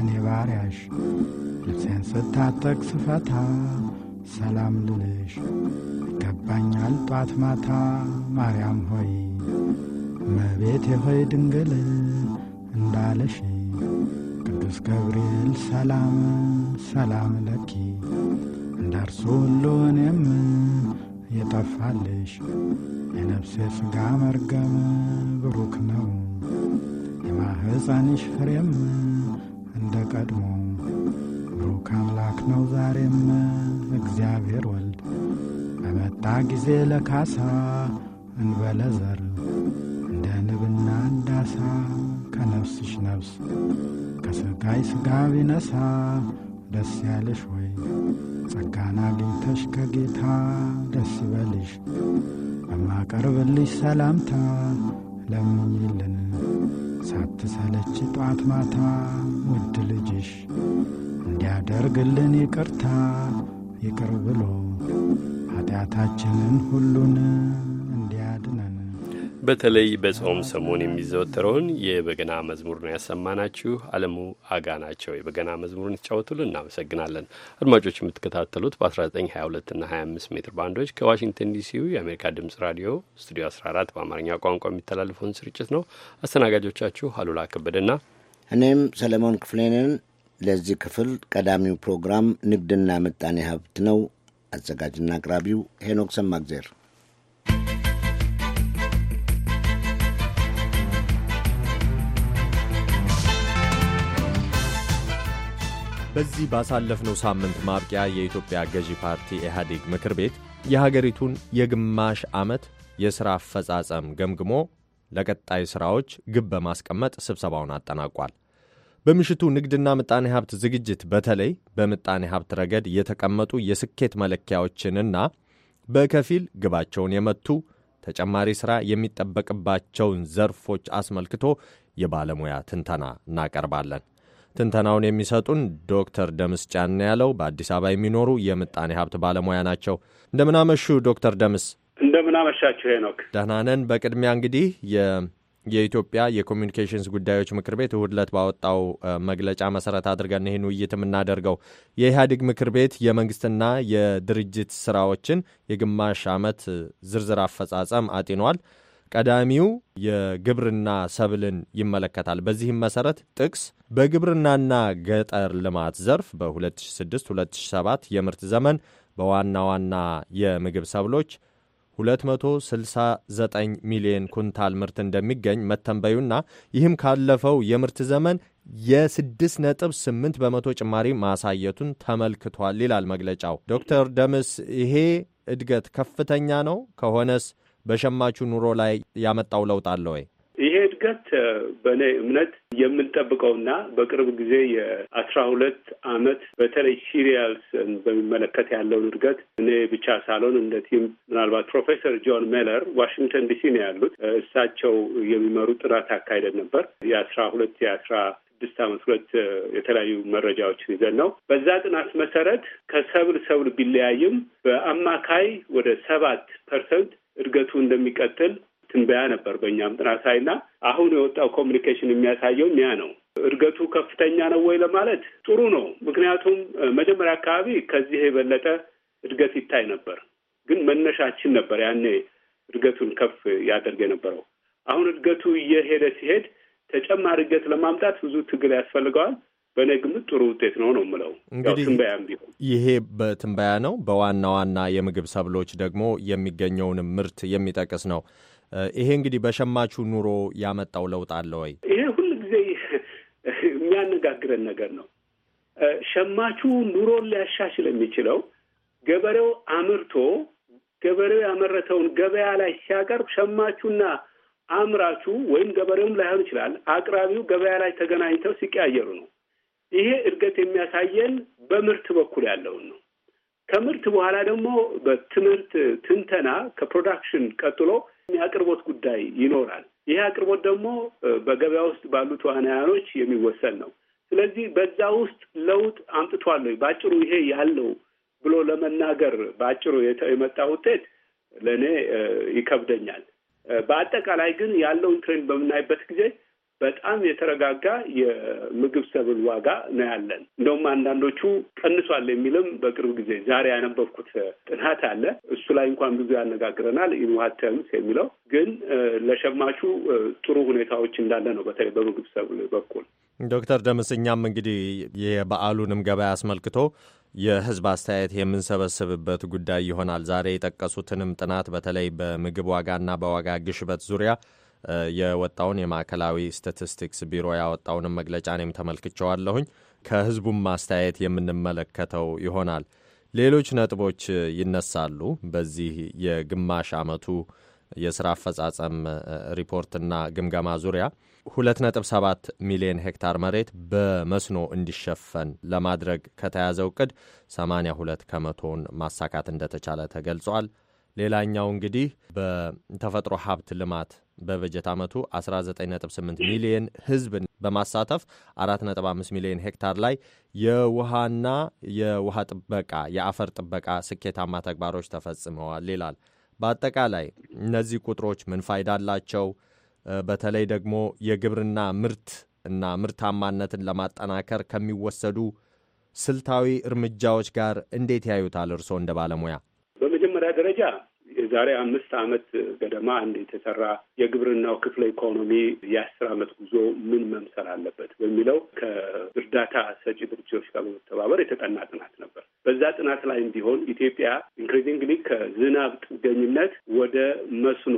እኔ ባሪያሽ ልብሴን ስታጠቅ ስፈታ ሰላም ልልሽ ይገባኛል ጧት ማታ ማርያም ሆይ እመቤቴ ሆይ ድንግል እንዳለሽ ቅዱስ ገብርኤል ሰላም ሰላም ለኪ እንዳርሱ ሁሉን የም የጠፋልሽ የነፍሴ ሥጋ መርገም ብሩክ ነው የማህፀንሽ ፍሬም እንደ ቀድሞ ብሩክ አምላክ ነው ዛሬም እግዚአብሔር ወልድ በመጣ ጊዜ ለካሳ እንበለዘር ምግብና እንዳሳ ከነፍስሽ ነፍስ ከስጋይ ስጋ ቢነሳ ደስ ያለሽ ወይ ጸጋን አግኝተሽ ከጌታ ደስ ይበልሽ። በማቀርብልሽ ሰላምታ ለምኝልን ሳትሰለች ጧት ማታ ውድ ልጅሽ እንዲያደርግልን ይቅርታ ይቅር ብሎ ኃጢአታችንን ሁሉን በተለይ በጾም ሰሞን የሚዘወተረውን የበገና መዝሙር ነው ያሰማናችሁ። አለሙ አጋ ናቸው የበገና መዝሙርን የተጫወቱልን። እናመሰግናለን። አድማጮች የምትከታተሉት በ1922 እና 25 ሜትር ባንዶች ከዋሽንግተን ዲሲው የአሜሪካ ድምጽ ራዲዮ ስቱዲዮ 14 በአማርኛ ቋንቋ የሚተላለፈውን ስርጭት ነው። አስተናጋጆቻችሁ አሉላ ከበደና እኔም ሰለሞን ክፍሌንን። ለዚህ ክፍል ቀዳሚው ፕሮግራም ንግድና ምጣኔ ሀብት ነው። አዘጋጅና አቅራቢው ሄኖክ ሰማግዜር በዚህ ባሳለፍነው ሳምንት ማብቂያ የኢትዮጵያ ገዢ ፓርቲ ኢህአዴግ ምክር ቤት የሀገሪቱን የግማሽ ዓመት የሥራ አፈጻጸም ገምግሞ ለቀጣይ ሥራዎች ግብ በማስቀመጥ ስብሰባውን አጠናቋል። በምሽቱ ንግድና ምጣኔ ሀብት ዝግጅት በተለይ በምጣኔ ሀብት ረገድ የተቀመጡ የስኬት መለኪያዎችንና በከፊል ግባቸውን የመቱ ተጨማሪ ሥራ የሚጠበቅባቸውን ዘርፎች አስመልክቶ የባለሙያ ትንተና እናቀርባለን። ትንተናውን የሚሰጡን ዶክተር ደምስ ጫና ያለው በአዲስ አበባ የሚኖሩ የምጣኔ ሀብት ባለሙያ ናቸው። እንደምናመሹ ዶክተር ደምስ። እንደምናመሻችሁ ሄኖክ። ደህና ነን። በቅድሚያ እንግዲህ የኢትዮጵያ የኮሚኒኬሽንስ ጉዳዮች ምክር ቤት እሁድ ዕለት ባወጣው መግለጫ መሰረት አድርገን ይህን ውይይት የምናደርገው የኢህአዴግ ምክር ቤት የመንግስትና የድርጅት ስራዎችን የግማሽ ዓመት ዝርዝር አፈጻጸም አጢኗል። ቀዳሚው የግብርና ሰብልን ይመለከታል። በዚህም መሰረት ጥቅስ በግብርናና ገጠር ልማት ዘርፍ በ2006-2007 የምርት ዘመን በዋና ዋና የምግብ ሰብሎች 269 ሚሊዮን ኩንታል ምርት እንደሚገኝ መተንበዩና ይህም ካለፈው የምርት ዘመን የ6.8 በመቶ ጭማሪ ማሳየቱን ተመልክቷል ይላል መግለጫው። ዶክተር ደምስ ይሄ እድገት ከፍተኛ ነው ከሆነስ በሸማቹ ኑሮ ላይ ያመጣው ለውጥ አለ ወይ? ይሄ እድገት በእኔ እምነት የምንጠብቀውና በቅርብ ጊዜ የአስራ ሁለት አመት በተለይ ሲሪያልስን በሚመለከት ያለውን እድገት እኔ ብቻ ሳልሆን እንደ ቲም ምናልባት ፕሮፌሰር ጆን ሜለር ዋሽንግተን ዲሲ ነው ያሉት። እሳቸው የሚመሩ ጥናት አካሄደን ነበር የአስራ ሁለት የአስራ ስድስት አመት ሁለት የተለያዩ መረጃዎችን ይዘን ነው። በዛ ጥናት መሰረት ከሰብል ሰብል ቢለያይም በአማካይ ወደ ሰባት ፐርሰንት እድገቱ እንደሚቀጥል ትንበያ ነበር በእኛም ጥናሳይ ሳይና አሁን የወጣው ኮሚኒኬሽን የሚያሳየው ሚያ ነው። እድገቱ ከፍተኛ ነው ወይ ለማለት ጥሩ ነው። ምክንያቱም መጀመሪያ አካባቢ ከዚህ የበለጠ እድገት ይታይ ነበር። ግን መነሻችን ነበር ያኔ እድገቱን ከፍ ያደርግ የነበረው። አሁን እድገቱ እየሄደ ሲሄድ ተጨማሪ እድገት ለማምጣት ብዙ ትግል ያስፈልገዋል። በእኔ ግምት ጥሩ ውጤት ነው ነው የምለው። እንግዲህ ትንበያም ቢሆን ይሄ በትንበያ ነው። በዋና ዋና የምግብ ሰብሎች ደግሞ የሚገኘውን ምርት የሚጠቅስ ነው። ይሄ እንግዲህ በሸማቹ ኑሮ ያመጣው ለውጥ አለ ወይ? ይሄ ሁል ጊዜ የሚያነጋግረን ነገር ነው። ሸማቹ ኑሮን ሊያሻሽል የሚችለው ገበሬው አምርቶ ገበሬው ያመረተውን ገበያ ላይ ሲያቀርብ ሸማቹና አምራቹ ወይም ገበሬውም ላይሆን ይችላል አቅራቢው ገበያ ላይ ተገናኝተው ሲቀያየሩ ነው። ይሄ እድገት የሚያሳየን በምርት በኩል ያለውን ነው። ከምርት በኋላ ደግሞ በትምህርት ትንተና ከፕሮዳክሽን ቀጥሎ የአቅርቦት ጉዳይ ይኖራል። ይህ አቅርቦት ደግሞ በገበያ ውስጥ ባሉ ተዋናያኖች የሚወሰን ነው። ስለዚህ በዛ ውስጥ ለውጥ አምጥቷል ወይ በአጭሩ ይሄ ያለው ብሎ ለመናገር በአጭሩ የመጣ ውጤት ለእኔ ይከብደኛል። በአጠቃላይ ግን ያለውን ትሬንድ በምናይበት ጊዜ በጣም የተረጋጋ የምግብ ሰብል ዋጋ ነው ያለን። እንደውም አንዳንዶቹ ቀንሷል የሚልም በቅርብ ጊዜ ዛሬ ያነበብኩት ጥናት አለ። እሱ ላይ እንኳን ብዙ ያነጋግረናል። ኢንዋተምስ የሚለው ግን ለሸማቹ ጥሩ ሁኔታዎች እንዳለ ነው፣ በተለይ በምግብ ሰብል በኩል። ዶክተር ደምስ እኛም እንግዲህ የበዓሉንም ገበያ አስመልክቶ የህዝብ አስተያየት የምንሰበስብበት ጉዳይ ይሆናል። ዛሬ የጠቀሱትንም ጥናት በተለይ በምግብ ዋጋና በዋጋ ግሽበት ዙሪያ የወጣውን የማዕከላዊ ስታቲስቲክስ ቢሮ ያወጣውንም መግለጫ እኔም ተመልክቸዋለሁኝ። ከህዝቡም ማስተያየት የምንመለከተው ይሆናል። ሌሎች ነጥቦች ይነሳሉ። በዚህ የግማሽ ዓመቱ የስራ አፈጻጸም ሪፖርትና ግምገማ ዙሪያ 2.7 ሚሊዮን ሄክታር መሬት በመስኖ እንዲሸፈን ለማድረግ ከተያዘው እቅድ 82 ከመቶውን ማሳካት እንደተቻለ ተገልጿል። ሌላኛው እንግዲህ በተፈጥሮ ሀብት ልማት በበጀት ዓመቱ 19.8 ሚሊየን ህዝብ በማሳተፍ 4.5 ሚሊዮን ሄክታር ላይ የውሃና የውሃ ጥበቃ፣ የአፈር ጥበቃ ስኬታማ ተግባሮች ተፈጽመዋል ይላል። በአጠቃላይ እነዚህ ቁጥሮች ምን ፋይዳ አላቸው? በተለይ ደግሞ የግብርና ምርት እና ምርታማነትን ለማጠናከር ከሚወሰዱ ስልታዊ እርምጃዎች ጋር እንዴት ያዩታል እርስዎ እንደ ባለሙያ? በመጀመሪያ ደረጃ የዛሬ አምስት ዓመት ገደማ አንድ የተሰራ የግብርናው ክፍለ ኢኮኖሚ የአስር ዓመት ጉዞ ምን መምሰል አለበት በሚለው ከእርዳታ ሰጪ ድርጅቶች ጋር በመተባበር የተጠና ጥናት ነበር። በዛ ጥናት ላይም ቢሆን ኢትዮጵያ ኢንክሪዚንግሊ ከዝናብ ጥገኝነት ወደ መስኖ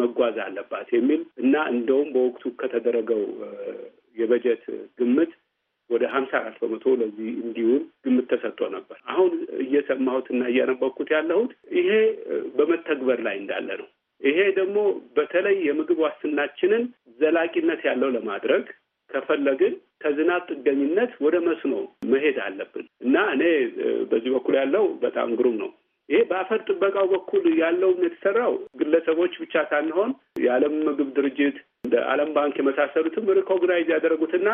መጓዝ አለባት የሚል እና እንደውም በወቅቱ ከተደረገው የበጀት ግምት ወደ ሀምሳ አራት በመቶ ለዚህ እንዲሁም ግምት ተሰጥቶ ነበር። አሁን እየሰማሁትና እያነበኩት ያለሁት ይሄ በመተግበር ላይ እንዳለ ነው። ይሄ ደግሞ በተለይ የምግብ ዋስትናችንን ዘላቂነት ያለው ለማድረግ ከፈለግን ከዝናብ ጥገኝነት ወደ መስኖ መሄድ አለብን እና እኔ በዚህ በኩል ያለው በጣም ግሩም ነው። ይሄ በአፈር ጥበቃው በኩል ያለው የተሰራው ግለሰቦች ብቻ ሳንሆን የዓለም ምግብ ድርጅት እንደ ዓለም ባንክ የመሳሰሉትም ሪኮግናይዝ ያደረጉትና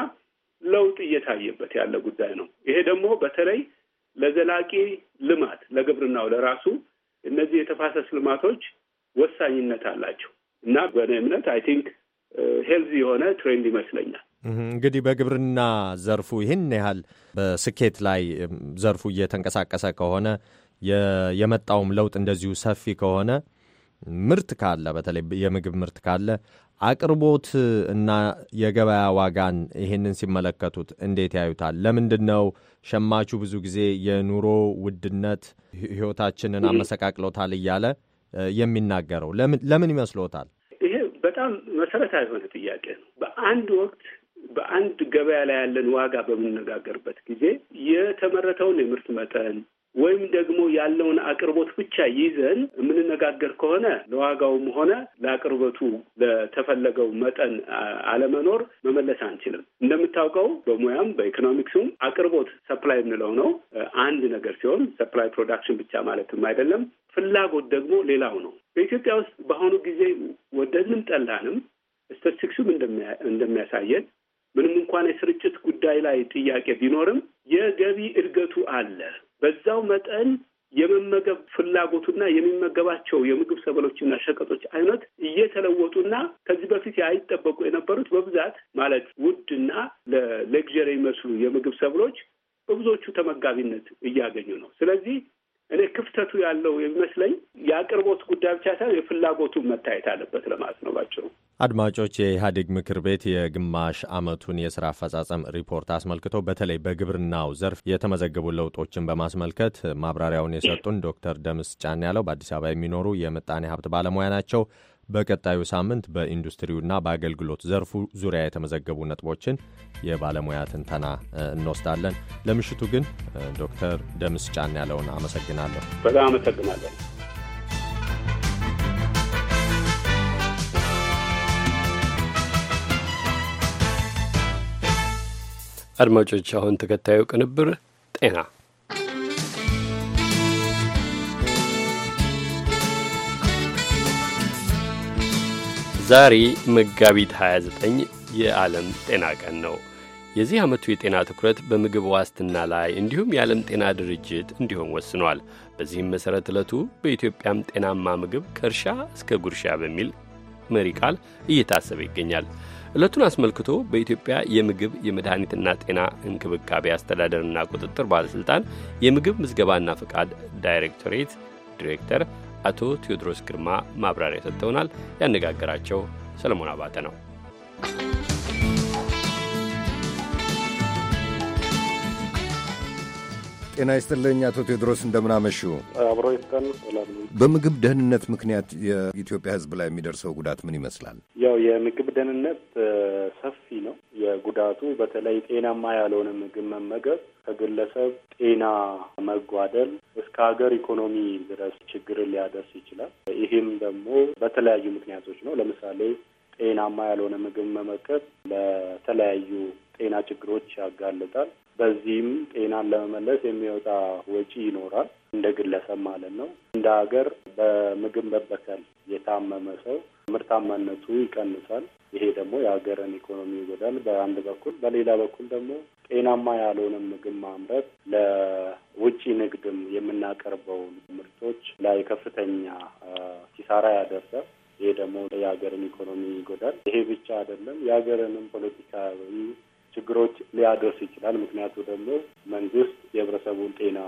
ለውጥ እየታየበት ያለ ጉዳይ ነው። ይሄ ደግሞ በተለይ ለዘላቂ ልማት ለግብርናው ለራሱ እነዚህ የተፋሰስ ልማቶች ወሳኝነት አላቸው እና በእኔ እምነት አይ ቲንክ ሄልዚ የሆነ ትሬንድ ይመስለኛል። እንግዲህ በግብርና ዘርፉ ይህን ያህል በስኬት ላይ ዘርፉ እየተንቀሳቀሰ ከሆነ የመጣውም ለውጥ እንደዚሁ ሰፊ ከሆነ ምርት ካለ በተለይ የምግብ ምርት ካለ አቅርቦት እና የገበያ ዋጋን ይህንን ሲመለከቱት እንዴት ያዩታል? ለምንድን ነው ሸማቹ ብዙ ጊዜ የኑሮ ውድነት ሕይወታችንን አመሰቃቅሎታል እያለ የሚናገረው ለምን ይመስሎታል? ይሄ በጣም መሰረታዊ የሆነ ጥያቄ ነው። በአንድ ወቅት በአንድ ገበያ ላይ ያለን ዋጋ በምንነጋገርበት ጊዜ የተመረተውን የምርት መጠን ወይም ደግሞ ያለውን አቅርቦት ብቻ ይዘን የምንነጋገር ከሆነ ለዋጋውም ሆነ ለአቅርቦቱ ለተፈለገው መጠን አለመኖር መመለስ አንችልም። እንደምታውቀው በሙያም በኢኮኖሚክሱም አቅርቦት ሰፕላይ የምንለው ነው። አንድ ነገር ሲሆን ሰፕላይ ፕሮዳክሽን ብቻ ማለትም አይደለም። ፍላጎት ደግሞ ሌላው ነው። በኢትዮጵያ ውስጥ በአሁኑ ጊዜ ወደንም ጠላንም ስታቲስቲክሱም እንደሚያሳየን ምንም እንኳን የስርጭት ጉዳይ ላይ ጥያቄ ቢኖርም የገቢ እድገቱ አለ። በዛው መጠን የመመገብ ፍላጎቱና የሚመገባቸው የምግብ ሰብሎችና ሸቀጦች አይነት እየተለወጡና ከዚህ በፊት አይጠበቁ የነበሩት በብዛት ማለት ውድና ለለግዠሪ የሚመስሉ የምግብ ሰብሎች በብዙዎቹ ተመጋቢነት እያገኙ ነው። ስለዚህ እኔ ክፍተቱ ያለው የሚመስለኝ የአቅርቦት ጉዳይ ብቻ ሳይሆን የፍላጎቱ መታየት አለበት ለማለት ነው ባቸው። አድማጮች፣ የኢህአዴግ ምክር ቤት የግማሽ ዓመቱን የስራ አፈጻጸም ሪፖርት አስመልክቶ በተለይ በግብርናው ዘርፍ የተመዘገቡ ለውጦችን በማስመልከት ማብራሪያውን የሰጡን ዶክተር ደምስ ጫን ያለው በአዲስ አበባ የሚኖሩ የምጣኔ ሀብት ባለሙያ ናቸው። በቀጣዩ ሳምንት በኢንዱስትሪውና በአገልግሎት ዘርፉ ዙሪያ የተመዘገቡ ነጥቦችን የባለሙያ ትንተና እንወስዳለን። ለምሽቱ ግን ዶክተር ደምስ ጫን ያለውን አመሰግናለሁ። በጣም አመሰግናለሁ። አድማጮች፣ አሁን ተከታዩ ቅንብር ጤና ዛሬ መጋቢት 29 የዓለም ጤና ቀን ነው። የዚህ ዓመቱ የጤና ትኩረት በምግብ ዋስትና ላይ እንዲሁም የዓለም ጤና ድርጅት እንዲሆን ወስኗል። በዚህም መሠረት ዕለቱ በኢትዮጵያም ጤናማ ምግብ ከእርሻ እስከ ጉርሻ በሚል መሪ ቃል እየታሰበ ይገኛል። ዕለቱን አስመልክቶ በኢትዮጵያ የምግብ የመድኃኒትና ጤና እንክብካቤ አስተዳደርና ቁጥጥር ባለሥልጣን የምግብ ምዝገባና ፈቃድ ዳይሬክቶሬት ዲሬክተር አቶ ቴዎድሮስ ግርማ ማብራሪያ ሰጥተውናል። ያነጋገራቸው ሰለሞን አባተ ነው። ጤና ይስጥልኝ አቶ ቴዎድሮስ እንደምናመሹ። አብሮ ይስጠን። በምግብ ደህንነት ምክንያት የኢትዮጵያ ሕዝብ ላይ የሚደርሰው ጉዳት ምን ይመስላል? ያው የምግብ ደህንነት ሰፊ ነው። የጉዳቱ በተለይ ጤናማ ያልሆነ ምግብ መመገብ ከግለሰብ ጤና መጓደል እስከ ሀገር ኢኮኖሚ ድረስ ችግርን ሊያደርስ ይችላል። ይህም ደግሞ በተለያዩ ምክንያቶች ነው። ለምሳሌ ጤናማ ያልሆነ ምግብ መመገብ ለተለያዩ ጤና ችግሮች ያጋልጣል። በዚህም ጤናን ለመመለስ የሚወጣ ወጪ ይኖራል። እንደ ግለሰብ ማለት ነው። እንደ ሀገር በምግብ መበከል የታመመ ሰው ምርታማነቱ ይቀንሳል። ይሄ ደግሞ የሀገርን ኢኮኖሚ ይጎዳል በአንድ በኩል፣ በሌላ በኩል ደግሞ ጤናማ ያልሆነ ምግብ ማምረት ለውጭ ንግድም የምናቀርበውን ምርቶች ላይ ከፍተኛ ኪሳራ ያደርሳል። ይሄ ደግሞ የሀገርን ኢኮኖሚ ይጎዳል። ይሄ ብቻ አይደለም፣ የሀገርንም ፖለቲካዊ ችግሮች ሊያደርስ ይችላል። ምክንያቱ ደግሞ መንግስት የህብረተሰቡን ጤና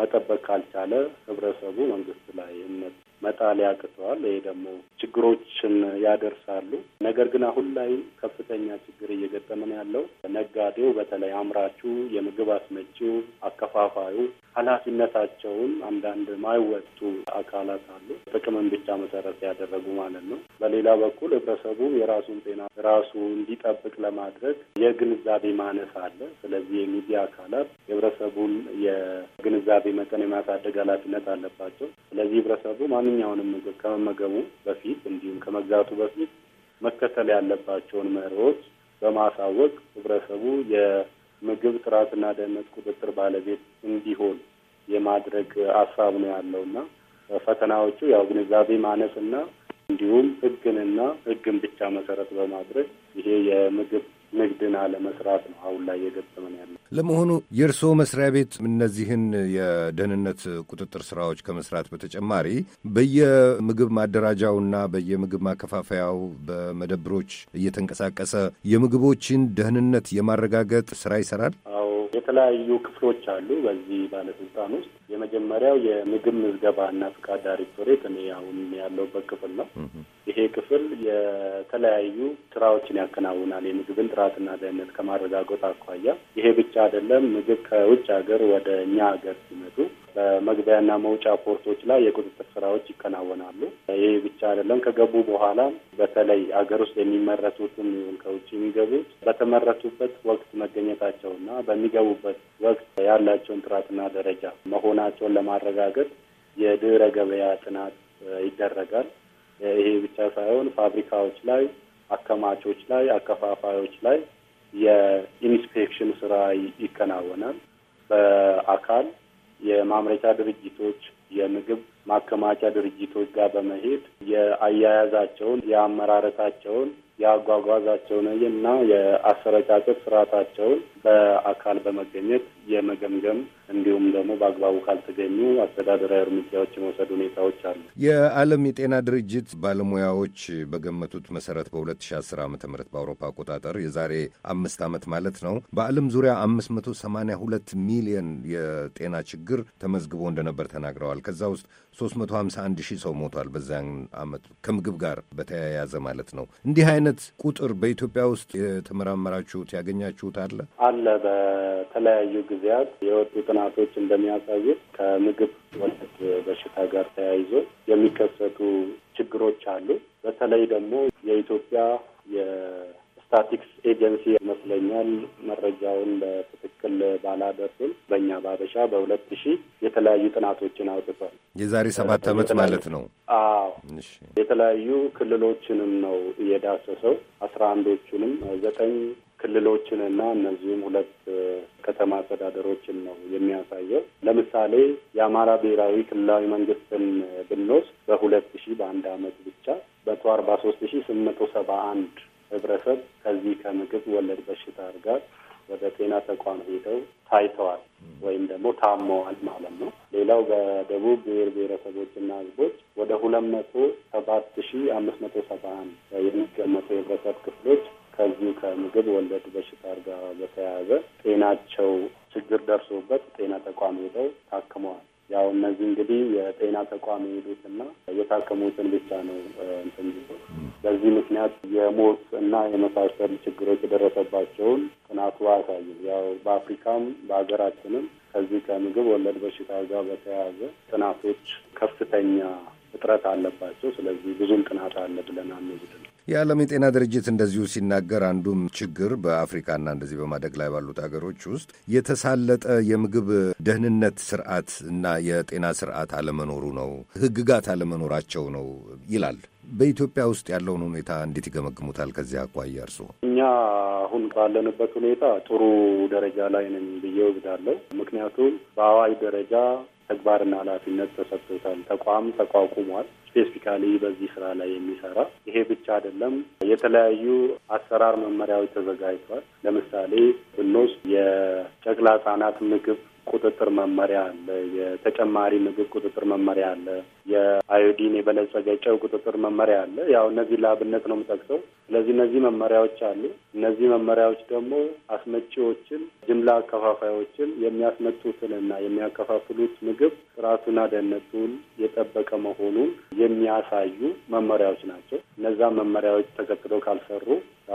መጠበቅ ካልቻለ ህብረተሰቡ መንግስት ላይ እምነት መጣል ያቅተዋል። ይሄ ደግሞ ችግሮችን ያደርሳሉ። ነገር ግን አሁን ላይ ከፍተኛ ችግር እየገጠመን ያለው ነጋዴው፣ በተለይ አምራቹ፣ የምግብ አስመጪው፣ አከፋፋዩ ኃላፊነታቸውን አንዳንድ ማይወጡ አካላት አሉ። ጥቅምን ብቻ መሰረት ያደረጉ ማለት ነው። በሌላ በኩል ህብረተሰቡ የራሱን ጤና ራሱ እንዲጠብቅ ለማድረግ የግንዛቤ ማነስ አለ። ስለዚህ የሚዲያ አካላት የህብረተሰቡን የግንዛቤ መጠን የማሳደግ ኃላፊነት አለባቸው። ስለዚህ ህብረተሰቡ ማንኛውንም ምግብ ከመመገቡ በፊት እንዲሁም ከመግዛቱ በፊት መከተል ያለባቸውን መርሆች በማሳወቅ ህብረተሰቡ ምግብ ጥራትና ደህንነት ቁጥጥር ባለቤት እንዲሆን የማድረግ ሀሳብ ነው ያለው እና ፈተናዎቹ ያው ግንዛቤ ማነስና እንዲሁም ህግንና ህግን ብቻ መሰረት በማድረግ ይሄ የምግብ ንግድን አለመስራት ነው አሁን ላይ የገጠመን ያለ። ለመሆኑ የእርስዎ መስሪያ ቤት እነዚህን የደህንነት ቁጥጥር ስራዎች ከመስራት በተጨማሪ በየምግብ ማደራጃውና በየምግብ ማከፋፈያው በመደብሮች እየተንቀሳቀሰ የምግቦችን ደህንነት የማረጋገጥ ስራ ይሰራል? አዎ የተለያዩ ክፍሎች አሉ በዚህ ባለስልጣን ውስጥ የመጀመሪያው የምግብ ምዝገባና ፍቃድ ዳይሬክቶሬት እኔ አሁን ያለውበት ክፍል ነው። ይሄ ክፍል የተለያዩ ስራዎችን ያከናውናል። የምግብን ጥራትና ደህንነት ከማረጋገጥ አኳያ ይሄ ብቻ አይደለም። ምግብ ከውጭ ሀገር ወደ እኛ ሀገር ሲመጡ በመግቢያና መውጫ ፖርቶች ላይ የቁጥጥር ስራዎች ይከናወናሉ። ይህ ብቻ አይደለም። ከገቡ በኋላ በተለይ አገር ውስጥ የሚመረቱትን ይሁን ከውጭ የሚገቡት በተመረቱበት ወቅት መገኘታቸውና በሚገቡበት ወቅት ያላቸውን ጥራትና ደረጃ መሆናቸውን ለማረጋገጥ የድህረ ገበያ ጥናት ይደረጋል። ይሄ ብቻ ሳይሆን ፋብሪካዎች ላይ፣ አከማቾች ላይ፣ አከፋፋዮች ላይ የኢንስፔክሽን ስራ ይከናወናል በአካል የማምረቻ ድርጅቶች፣ የምግብ ማከማቻ ድርጅቶች ጋር በመሄድ የአያያዛቸውን፣ የአመራረታቸውን፣ የአጓጓዛቸውን እና የአሰረጫጨት ስርዓታቸውን በአካል በመገኘት የመገምገም እንዲሁም ደግሞ በአግባቡ ካልተገኙ አስተዳደራዊ እርምጃዎች የመውሰድ ሁኔታዎች አሉ። የዓለም የጤና ድርጅት ባለሙያዎች በገመቱት መሰረት በ2010 ዓ ም በአውሮፓ አቆጣጠር የዛሬ አምስት ዓመት ማለት ነው በዓለም ዙሪያ 582 ሚሊዮን የጤና ችግር ተመዝግቦ እንደነበር ተናግረዋል። ከዛ ውስጥ 351 ሺህ ሰው ሞቷል። በዚያን ዓመት ከምግብ ጋር በተያያዘ ማለት ነው። እንዲህ አይነት ቁጥር በኢትዮጵያ ውስጥ የተመራመራችሁት ያገኛችሁት አለ? አለ። በተለያዩ ጊዜያት የወጡ ጥናቶች እንደሚያሳዩት ከምግብ ወለድ በሽታ ጋር ተያይዞ የሚከሰቱ ችግሮች አሉ። በተለይ ደግሞ የኢትዮጵያ የስታቲክስ ኤጀንሲ ይመስለኛል መረጃውን በትክክል ባላደርስም በእኛ ባበሻ በሁለት ሺህ የተለያዩ ጥናቶችን አውጥቷል። የዛሬ ሰባት ዓመት ማለት ነው። አዎ የተለያዩ ክልሎችንም ነው የዳሰሰው። አስራ አንዶቹንም ዘጠኝ ክልሎችንና እነዚህም ሁለት ከተማ አስተዳደሮችን ነው የሚያሳየው። ለምሳሌ የአማራ ብሔራዊ ክልላዊ መንግስትን ብንወስድ በሁለት ሺ በአንድ አመት ብቻ መቶ አርባ ሶስት ሺ ስምንት መቶ ሰባ አንድ ህብረተሰብ ከዚህ ከምግብ ወለድ በሽታ ጋር ወደ ጤና ተቋም ሄደው ታይተዋል ወይም ደግሞ ታመዋል ማለት ነው። ሌላው በደቡብ ብሔር ብሔረሰቦችና ህዝቦች ወደ ሁለት መቶ ሰባት ሺ አምስት መቶ ሰባ አንድ የሚገመተው የህብረተሰብ ክፍሎች ከዚሁ ከምግብ ወለድ በሽታ ጋር በተያያዘ ጤናቸው ችግር ደርሶበት ጤና ተቋም ሄደው ታክመዋል። ያው እነዚህ እንግዲህ የጤና ተቋም የሄዱትና የታከሙትን ብቻ ነው እንትን በዚህ ምክንያት የሞት እና የመሳሰሉ ችግሮች የደረሰባቸውን ጥናቱ አያሳይም። ያው በአፍሪካም በሀገራችንም ከዚህ ከምግብ ወለድ በሽታ ጋር በተያያዘ ጥናቶች ከፍተኛ እጥረት አለባቸው። ስለዚህ ብዙም ጥናት አለ ብለን አንወስድም። የዓለም የጤና ድርጅት እንደዚሁ ሲናገር አንዱም ችግር በአፍሪካና እንደዚህ በማደግ ላይ ባሉት አገሮች ውስጥ የተሳለጠ የምግብ ደህንነት ስርዓት እና የጤና ስርዓት አለመኖሩ ነው፣ ህግጋት አለመኖራቸው ነው ይላል። በኢትዮጵያ ውስጥ ያለውን ሁኔታ እንዴት ይገመግሙታል? ከዚህ አኳያ እርስዎ። እኛ አሁን ባለንበት ሁኔታ ጥሩ ደረጃ ላይ ነኝ ብዬ ወግዳለሁ። ምክንያቱም በአዋጅ ደረጃ ተግባርና ኃላፊነት ተሰጥቶታል። ተቋም ተቋቁሟል ስፔሲፊካሊ በዚህ ስራ ላይ የሚሰራ ይሄ ብቻ አይደለም። የተለያዩ አሰራር መመሪያዎች ተዘጋጅቷል። ለምሳሌ ብንወስድ የጨቅላ ህጻናት ምግብ ቁጥጥር መመሪያ አለ። የተጨማሪ ምግብ ቁጥጥር መመሪያ አለ። የአዮዲን የበለጸገ ጨው ቁጥጥር መመሪያ አለ። ያው እነዚህ ለአብነት ነው የምጠቅሰው። ስለዚህ እነዚህ መመሪያዎች አሉ። እነዚህ መመሪያዎች ደግሞ አስመጪዎችን፣ ጅምላ አከፋፋዮችን የሚያስመጡትንና የሚያከፋፍሉት ምግብ ጥራቱና ደህንነቱን የጠበቀ መሆኑን የሚያሳዩ መመሪያዎች ናቸው። እነዛ መመሪያዎች ተከትለው ካልሰሩ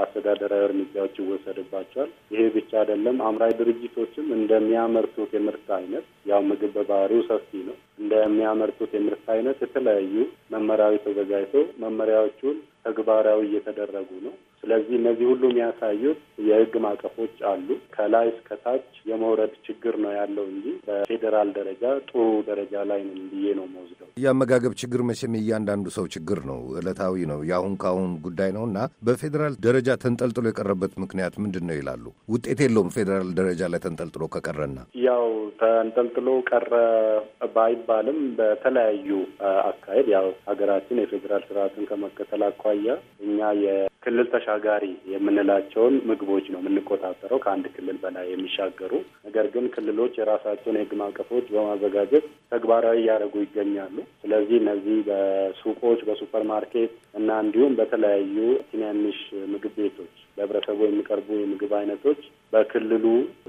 አስተዳደራዊ እርምጃዎች ይወሰድባቸዋል። ይሄ ብቻ አይደለም። አምራች ድርጅቶችም እንደሚያመርቱት የምርት አይነት ያው ምግብ በባህሪው ሰፊ ነው። እንደሚያመርቱት የምርት አይነት የተለያዩ መመሪያዎች ተዘጋጅቶ መመሪያዎቹን ተግባራዊ እየተደረጉ ነው። ስለዚህ እነዚህ ሁሉ የሚያሳዩት የህግ ማቀፎች አሉ። ከላይ ታች የመውረድ ችግር ነው ያለው እንጂ በፌዴራል ደረጃ ጥሩ ደረጃ ላይ ነው ብዬ ነው መወስደው። የአመጋገብ ችግር መቼም እያንዳንዱ ሰው ችግር ነው፣ እለታዊ ነው፣ የአሁን ከአሁን ጉዳይ ነው እና በፌዴራል ደረጃ ተንጠልጥሎ የቀረበት ምክንያት ምንድን ነው ይላሉ። ውጤት የለውም ፌዴራል ደረጃ ላይ ተንጠልጥሎ ከቀረና ያው ተንጠልጥሎ ቀረ ባይባልም በተለያዩ አካሄድ ያው ሀገራችን የፌዴራል ስርዓትን ከመከተል አኳያ እኛ የክልል ተሻ ተሻጋሪ የምንላቸውን ምግቦች ነው የምንቆጣጠረው ከአንድ ክልል በላይ የሚሻገሩ። ነገር ግን ክልሎች የራሳቸውን የህግ ማዕቀፎች በማዘጋጀት ተግባራዊ እያደረጉ ይገኛሉ። ስለዚህ እነዚህ በሱቆች፣ በሱፐር ማርኬት እና እንዲሁም በተለያዩ ትናንሽ ምግብ ቤቶች ለህብረተሰቡ የሚቀርቡ የምግብ አይነቶች በክልሉ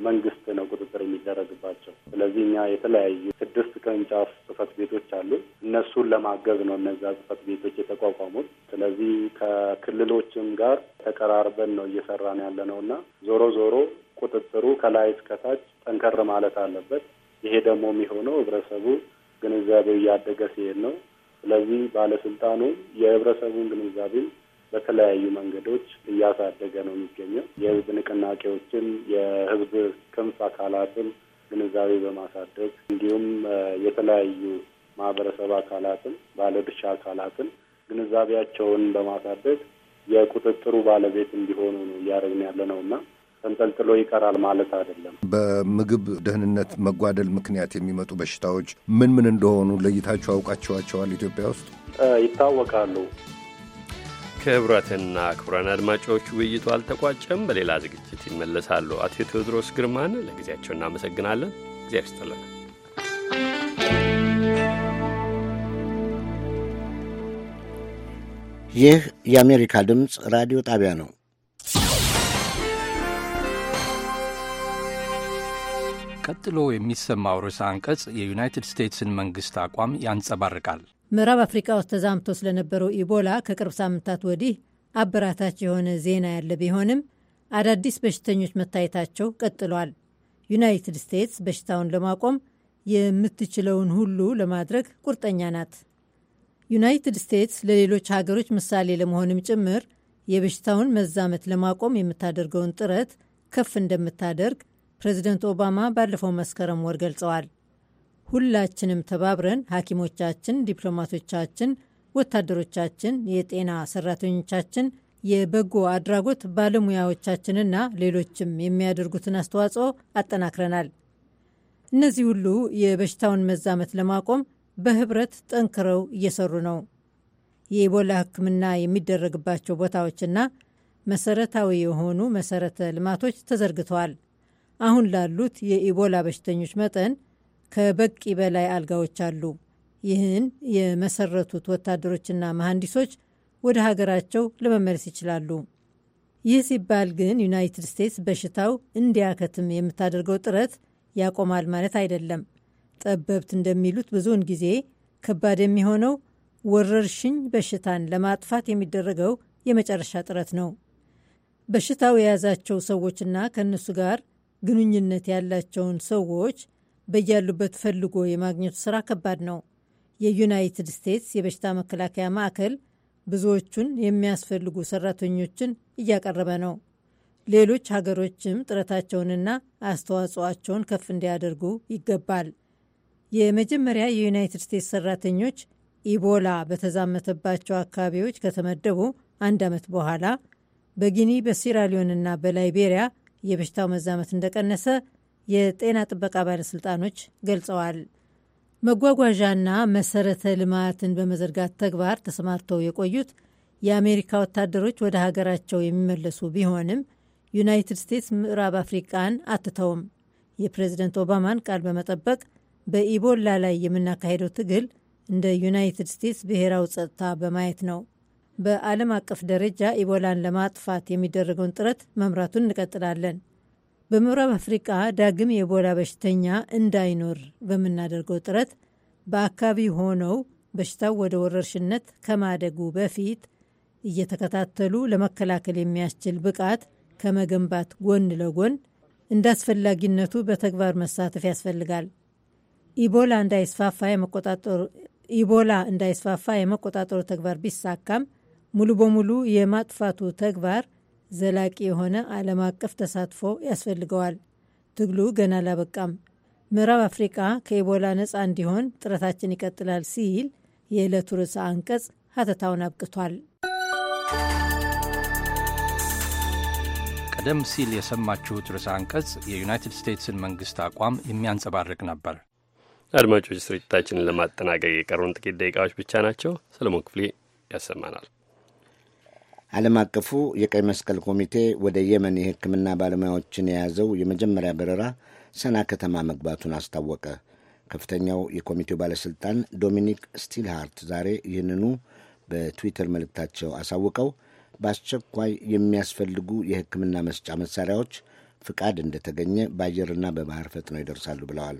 መንግስት ነው ቁጥጥር የሚደረግባቸው። ስለዚህ እኛ የተለያዩ ስድስት ቅርንጫፍ ጽህፈት ቤቶች አሉ። እነሱን ለማገዝ ነው እነዛ ጽህፈት ቤቶች የተቋቋሙት። ስለዚህ ከክልሎችም ጋር ተቀራርበን ነው እየሰራን ያለ ነው እና ዞሮ ዞሮ ቁጥጥሩ ከላይ እስከታች ጠንከር ማለት አለበት። ይሄ ደግሞ የሚሆነው ህብረተሰቡ ግንዛቤው እያደገ ሲሄድ ነው። ስለዚህ ባለስልጣኑ የህብረተሰቡን ግንዛቤ በተለያዩ መንገዶች እያሳደገ ነው የሚገኘው። የህዝብ ንቅናቄዎችን፣ የህዝብ ክንፍ አካላትን ግንዛቤ በማሳደግ እንዲሁም የተለያዩ ማህበረሰብ አካላትን፣ ባለድርሻ አካላትን ግንዛቤያቸውን በማሳደግ የቁጥጥሩ ባለቤት እንዲሆኑ ነው እያደረግን ያለ ነው እና ተንጠልጥሎ ይቀራል ማለት አይደለም። በምግብ ደህንነት መጓደል ምክንያት የሚመጡ በሽታዎች ምን ምን እንደሆኑ ለይታችሁ አውቃችኋቸዋል? ኢትዮጵያ ውስጥ ይታወቃሉ። ክቡራትና ክቡራን አድማጮች ውይይቱ አልተቋጨም። በሌላ ዝግጅት ይመለሳሉ። አቶ ቴዎድሮስ ግርማን ለጊዜያቸው እናመሰግናለን። እግዚአብሔር ይስጥልን። ይህ የአሜሪካ ድምፅ ራዲዮ ጣቢያ ነው። ቀጥሎ የሚሰማው ርዕሰ አንቀጽ የዩናይትድ ስቴትስን መንግሥት አቋም ያንጸባርቃል። ምዕራብ አፍሪካ ውስጥ ተዛምቶ ስለነበረው ኢቦላ ከቅርብ ሳምንታት ወዲህ አበራታች የሆነ ዜና ያለ ቢሆንም አዳዲስ በሽተኞች መታየታቸው ቀጥሏል። ዩናይትድ ስቴትስ በሽታውን ለማቆም የምትችለውን ሁሉ ለማድረግ ቁርጠኛ ናት። ዩናይትድ ስቴትስ ለሌሎች ሀገሮች ምሳሌ ለመሆንም ጭምር የበሽታውን መዛመት ለማቆም የምታደርገውን ጥረት ከፍ እንደምታደርግ ፕሬዚደንት ኦባማ ባለፈው መስከረም ወር ገልጸዋል። ሁላችንም ተባብረን ሐኪሞቻችን፣ ዲፕሎማቶቻችን፣ ወታደሮቻችን፣ የጤና ሰራተኞቻችን፣ የበጎ አድራጎት ባለሙያዎቻችንና ሌሎችም የሚያደርጉትን አስተዋጽኦ አጠናክረናል። እነዚህ ሁሉ የበሽታውን መዛመት ለማቆም በህብረት ጠንክረው እየሰሩ ነው። የኢቦላ ሕክምና የሚደረግባቸው ቦታዎችና መሰረታዊ የሆኑ መሰረተ ልማቶች ተዘርግተዋል። አሁን ላሉት የኢቦላ በሽተኞች መጠን ከበቂ በላይ አልጋዎች አሉ። ይህን የመሰረቱት ወታደሮችና መሐንዲሶች ወደ ሀገራቸው ለመመለስ ይችላሉ። ይህ ሲባል ግን ዩናይትድ ስቴትስ በሽታው እንዲያከትም የምታደርገው ጥረት ያቆማል ማለት አይደለም። ጠበብት እንደሚሉት ብዙውን ጊዜ ከባድ የሚሆነው ወረርሽኝ በሽታን ለማጥፋት የሚደረገው የመጨረሻ ጥረት ነው። በሽታው የያዛቸው ሰዎችና ከእነሱ ጋር ግንኙነት ያላቸውን ሰዎች በያሉበት ፈልጎ የማግኘቱ ስራ ከባድ ነው። የዩናይትድ ስቴትስ የበሽታ መከላከያ ማዕከል ብዙዎቹን የሚያስፈልጉ ሰራተኞችን እያቀረበ ነው። ሌሎች ሀገሮችም ጥረታቸውንና አስተዋጽኦአቸውን ከፍ እንዲያደርጉ ይገባል። የመጀመሪያ የዩናይትድ ስቴትስ ሰራተኞች ኢቦላ በተዛመተባቸው አካባቢዎች ከተመደቡ አንድ ዓመት በኋላ በጊኒ በሲራሊዮንና በላይቤሪያ የበሽታው መዛመት እንደቀነሰ የጤና ጥበቃ ባለሥልጣኖች ገልጸዋል። መጓጓዣና መሰረተ ልማትን በመዘርጋት ተግባር ተሰማርተው የቆዩት የአሜሪካ ወታደሮች ወደ ሀገራቸው የሚመለሱ ቢሆንም ዩናይትድ ስቴትስ ምዕራብ አፍሪቃን አትተውም። የፕሬዝደንት ኦባማን ቃል በመጠበቅ በኢቦላ ላይ የምናካሄደው ትግል እንደ ዩናይትድ ስቴትስ ብሔራዊ ጸጥታ በማየት ነው። በዓለም አቀፍ ደረጃ ኢቦላን ለማጥፋት የሚደረገውን ጥረት መምራቱን እንቀጥላለን። በምዕራብ አፍሪቃ ዳግም የኢቦላ በሽተኛ እንዳይኖር በምናደርገው ጥረት በአካባቢ ሆነው በሽታው ወደ ወረርሽነት ከማደጉ በፊት እየተከታተሉ ለመከላከል የሚያስችል ብቃት ከመገንባት ጎን ለጎን እንደ አስፈላጊነቱ በተግባር መሳተፍ ያስፈልጋል። ኢቦላ እንዳይስፋፋ የመቆጣጠሩ ተግባር ቢሳካም ሙሉ በሙሉ የማጥፋቱ ተግባር ዘላቂ የሆነ ዓለም አቀፍ ተሳትፎ ያስፈልገዋል። ትግሉ ገና አላበቃም። ምዕራብ አፍሪቃ ከኢቦላ ነፃ እንዲሆን ጥረታችን ይቀጥላል ሲል የዕለቱ ርዕሰ አንቀጽ ሀተታውን አብቅቷል። ቀደም ሲል የሰማችሁት ርዕሰ አንቀጽ የዩናይትድ ስቴትስን መንግስት አቋም የሚያንጸባርቅ ነበር። አድማጮች፣ ስርጭታችንን ለማጠናቀቅ የቀሩን ጥቂት ደቂቃዎች ብቻ ናቸው። ሰለሞን ክፍሌ ያሰማናል። ዓለም አቀፉ የቀይ መስቀል ኮሚቴ ወደ የመን የሕክምና ባለሙያዎችን የያዘው የመጀመሪያ በረራ ሰና ከተማ መግባቱን አስታወቀ። ከፍተኛው የኮሚቴው ባለሥልጣን ዶሚኒክ ስቲልሃርት ዛሬ ይህንኑ በትዊተር መልእክታቸው አሳውቀው በአስቸኳይ የሚያስፈልጉ የሕክምና መስጫ መሣሪያዎች ፍቃድ እንደተገኘ በአየርና በባህር ፈጥነው ይደርሳሉ ብለዋል።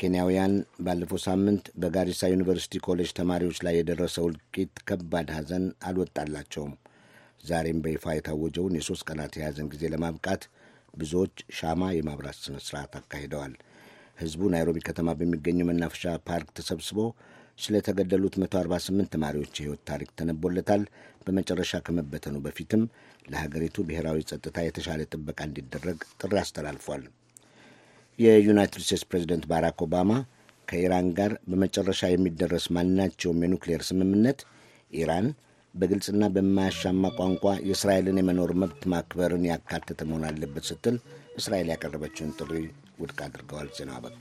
ኬንያውያን ባለፈው ሳምንት በጋሪሳ ዩኒቨርሲቲ ኮሌጅ ተማሪዎች ላይ የደረሰው እልቂት ከባድ ሐዘን አልወጣላቸውም። ዛሬም በይፋ የታወጀውን የሶስት ቀናት የያዘን ጊዜ ለማብቃት ብዙዎች ሻማ የማብራት ስነ ስርዓት አካሂደዋል። ህዝቡ ናይሮቢ ከተማ በሚገኘው መናፈሻ ፓርክ ተሰብስቦ ስለተገደሉት 148 ተማሪዎች የህይወት ታሪክ ተነቦለታል። በመጨረሻ ከመበተኑ በፊትም ለሀገሪቱ ብሔራዊ ጸጥታ የተሻለ ጥበቃ እንዲደረግ ጥሪ አስተላልፏል። የዩናይትድ ስቴትስ ፕሬዚደንት ባራክ ኦባማ ከኢራን ጋር በመጨረሻ የሚደረስ ማናቸውም የኑክሌር ስምምነት ኢራን በግልጽና በማያሻማ ቋንቋ የእስራኤልን የመኖር መብት ማክበርን ያካተተ መሆን አለበት ስትል እስራኤል ያቀረበችውን ጥሪ ውድቅ አድርገዋል። ዜናው አበቃ።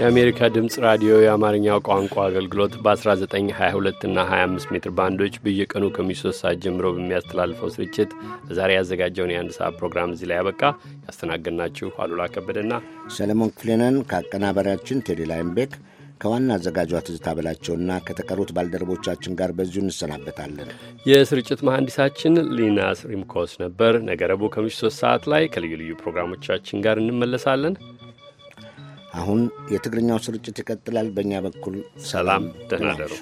የአሜሪካ ድምፅ ራዲዮ የአማርኛው ቋንቋ አገልግሎት በ1922 እና 25 ሜትር ባንዶች በየቀኑ ከምሽቱ ሶስት ሰዓት ጀምሮ በሚያስተላልፈው ስርጭት ዛሬ ያዘጋጀውን የአንድ ሰዓት ፕሮግራም እዚህ ላይ ያበቃ። ያስተናገድናችሁ አሉላ ከበደና ሰለሞን ክፍሌነን ነን። ከአቀናባሪያችን ቴሌላይምቤክ ከዋና አዘጋጇ ትዝታ በላቸውና ከተቀሩት ባልደረቦቻችን ጋር በዚሁ እንሰናበታለን። የስርጭት መሐንዲሳችን ሊናስ ሪምኮስ ነበር። ነገ ረቡዕ ከምሽቱ ሶስት ሰዓት ላይ ከልዩ ልዩ ፕሮግራሞቻችን ጋር እንመለሳለን። አሁን የትግርኛው ስርጭት ይቀጥላል። በእኛ በኩል ሰላም፣ ደህና ደሩ።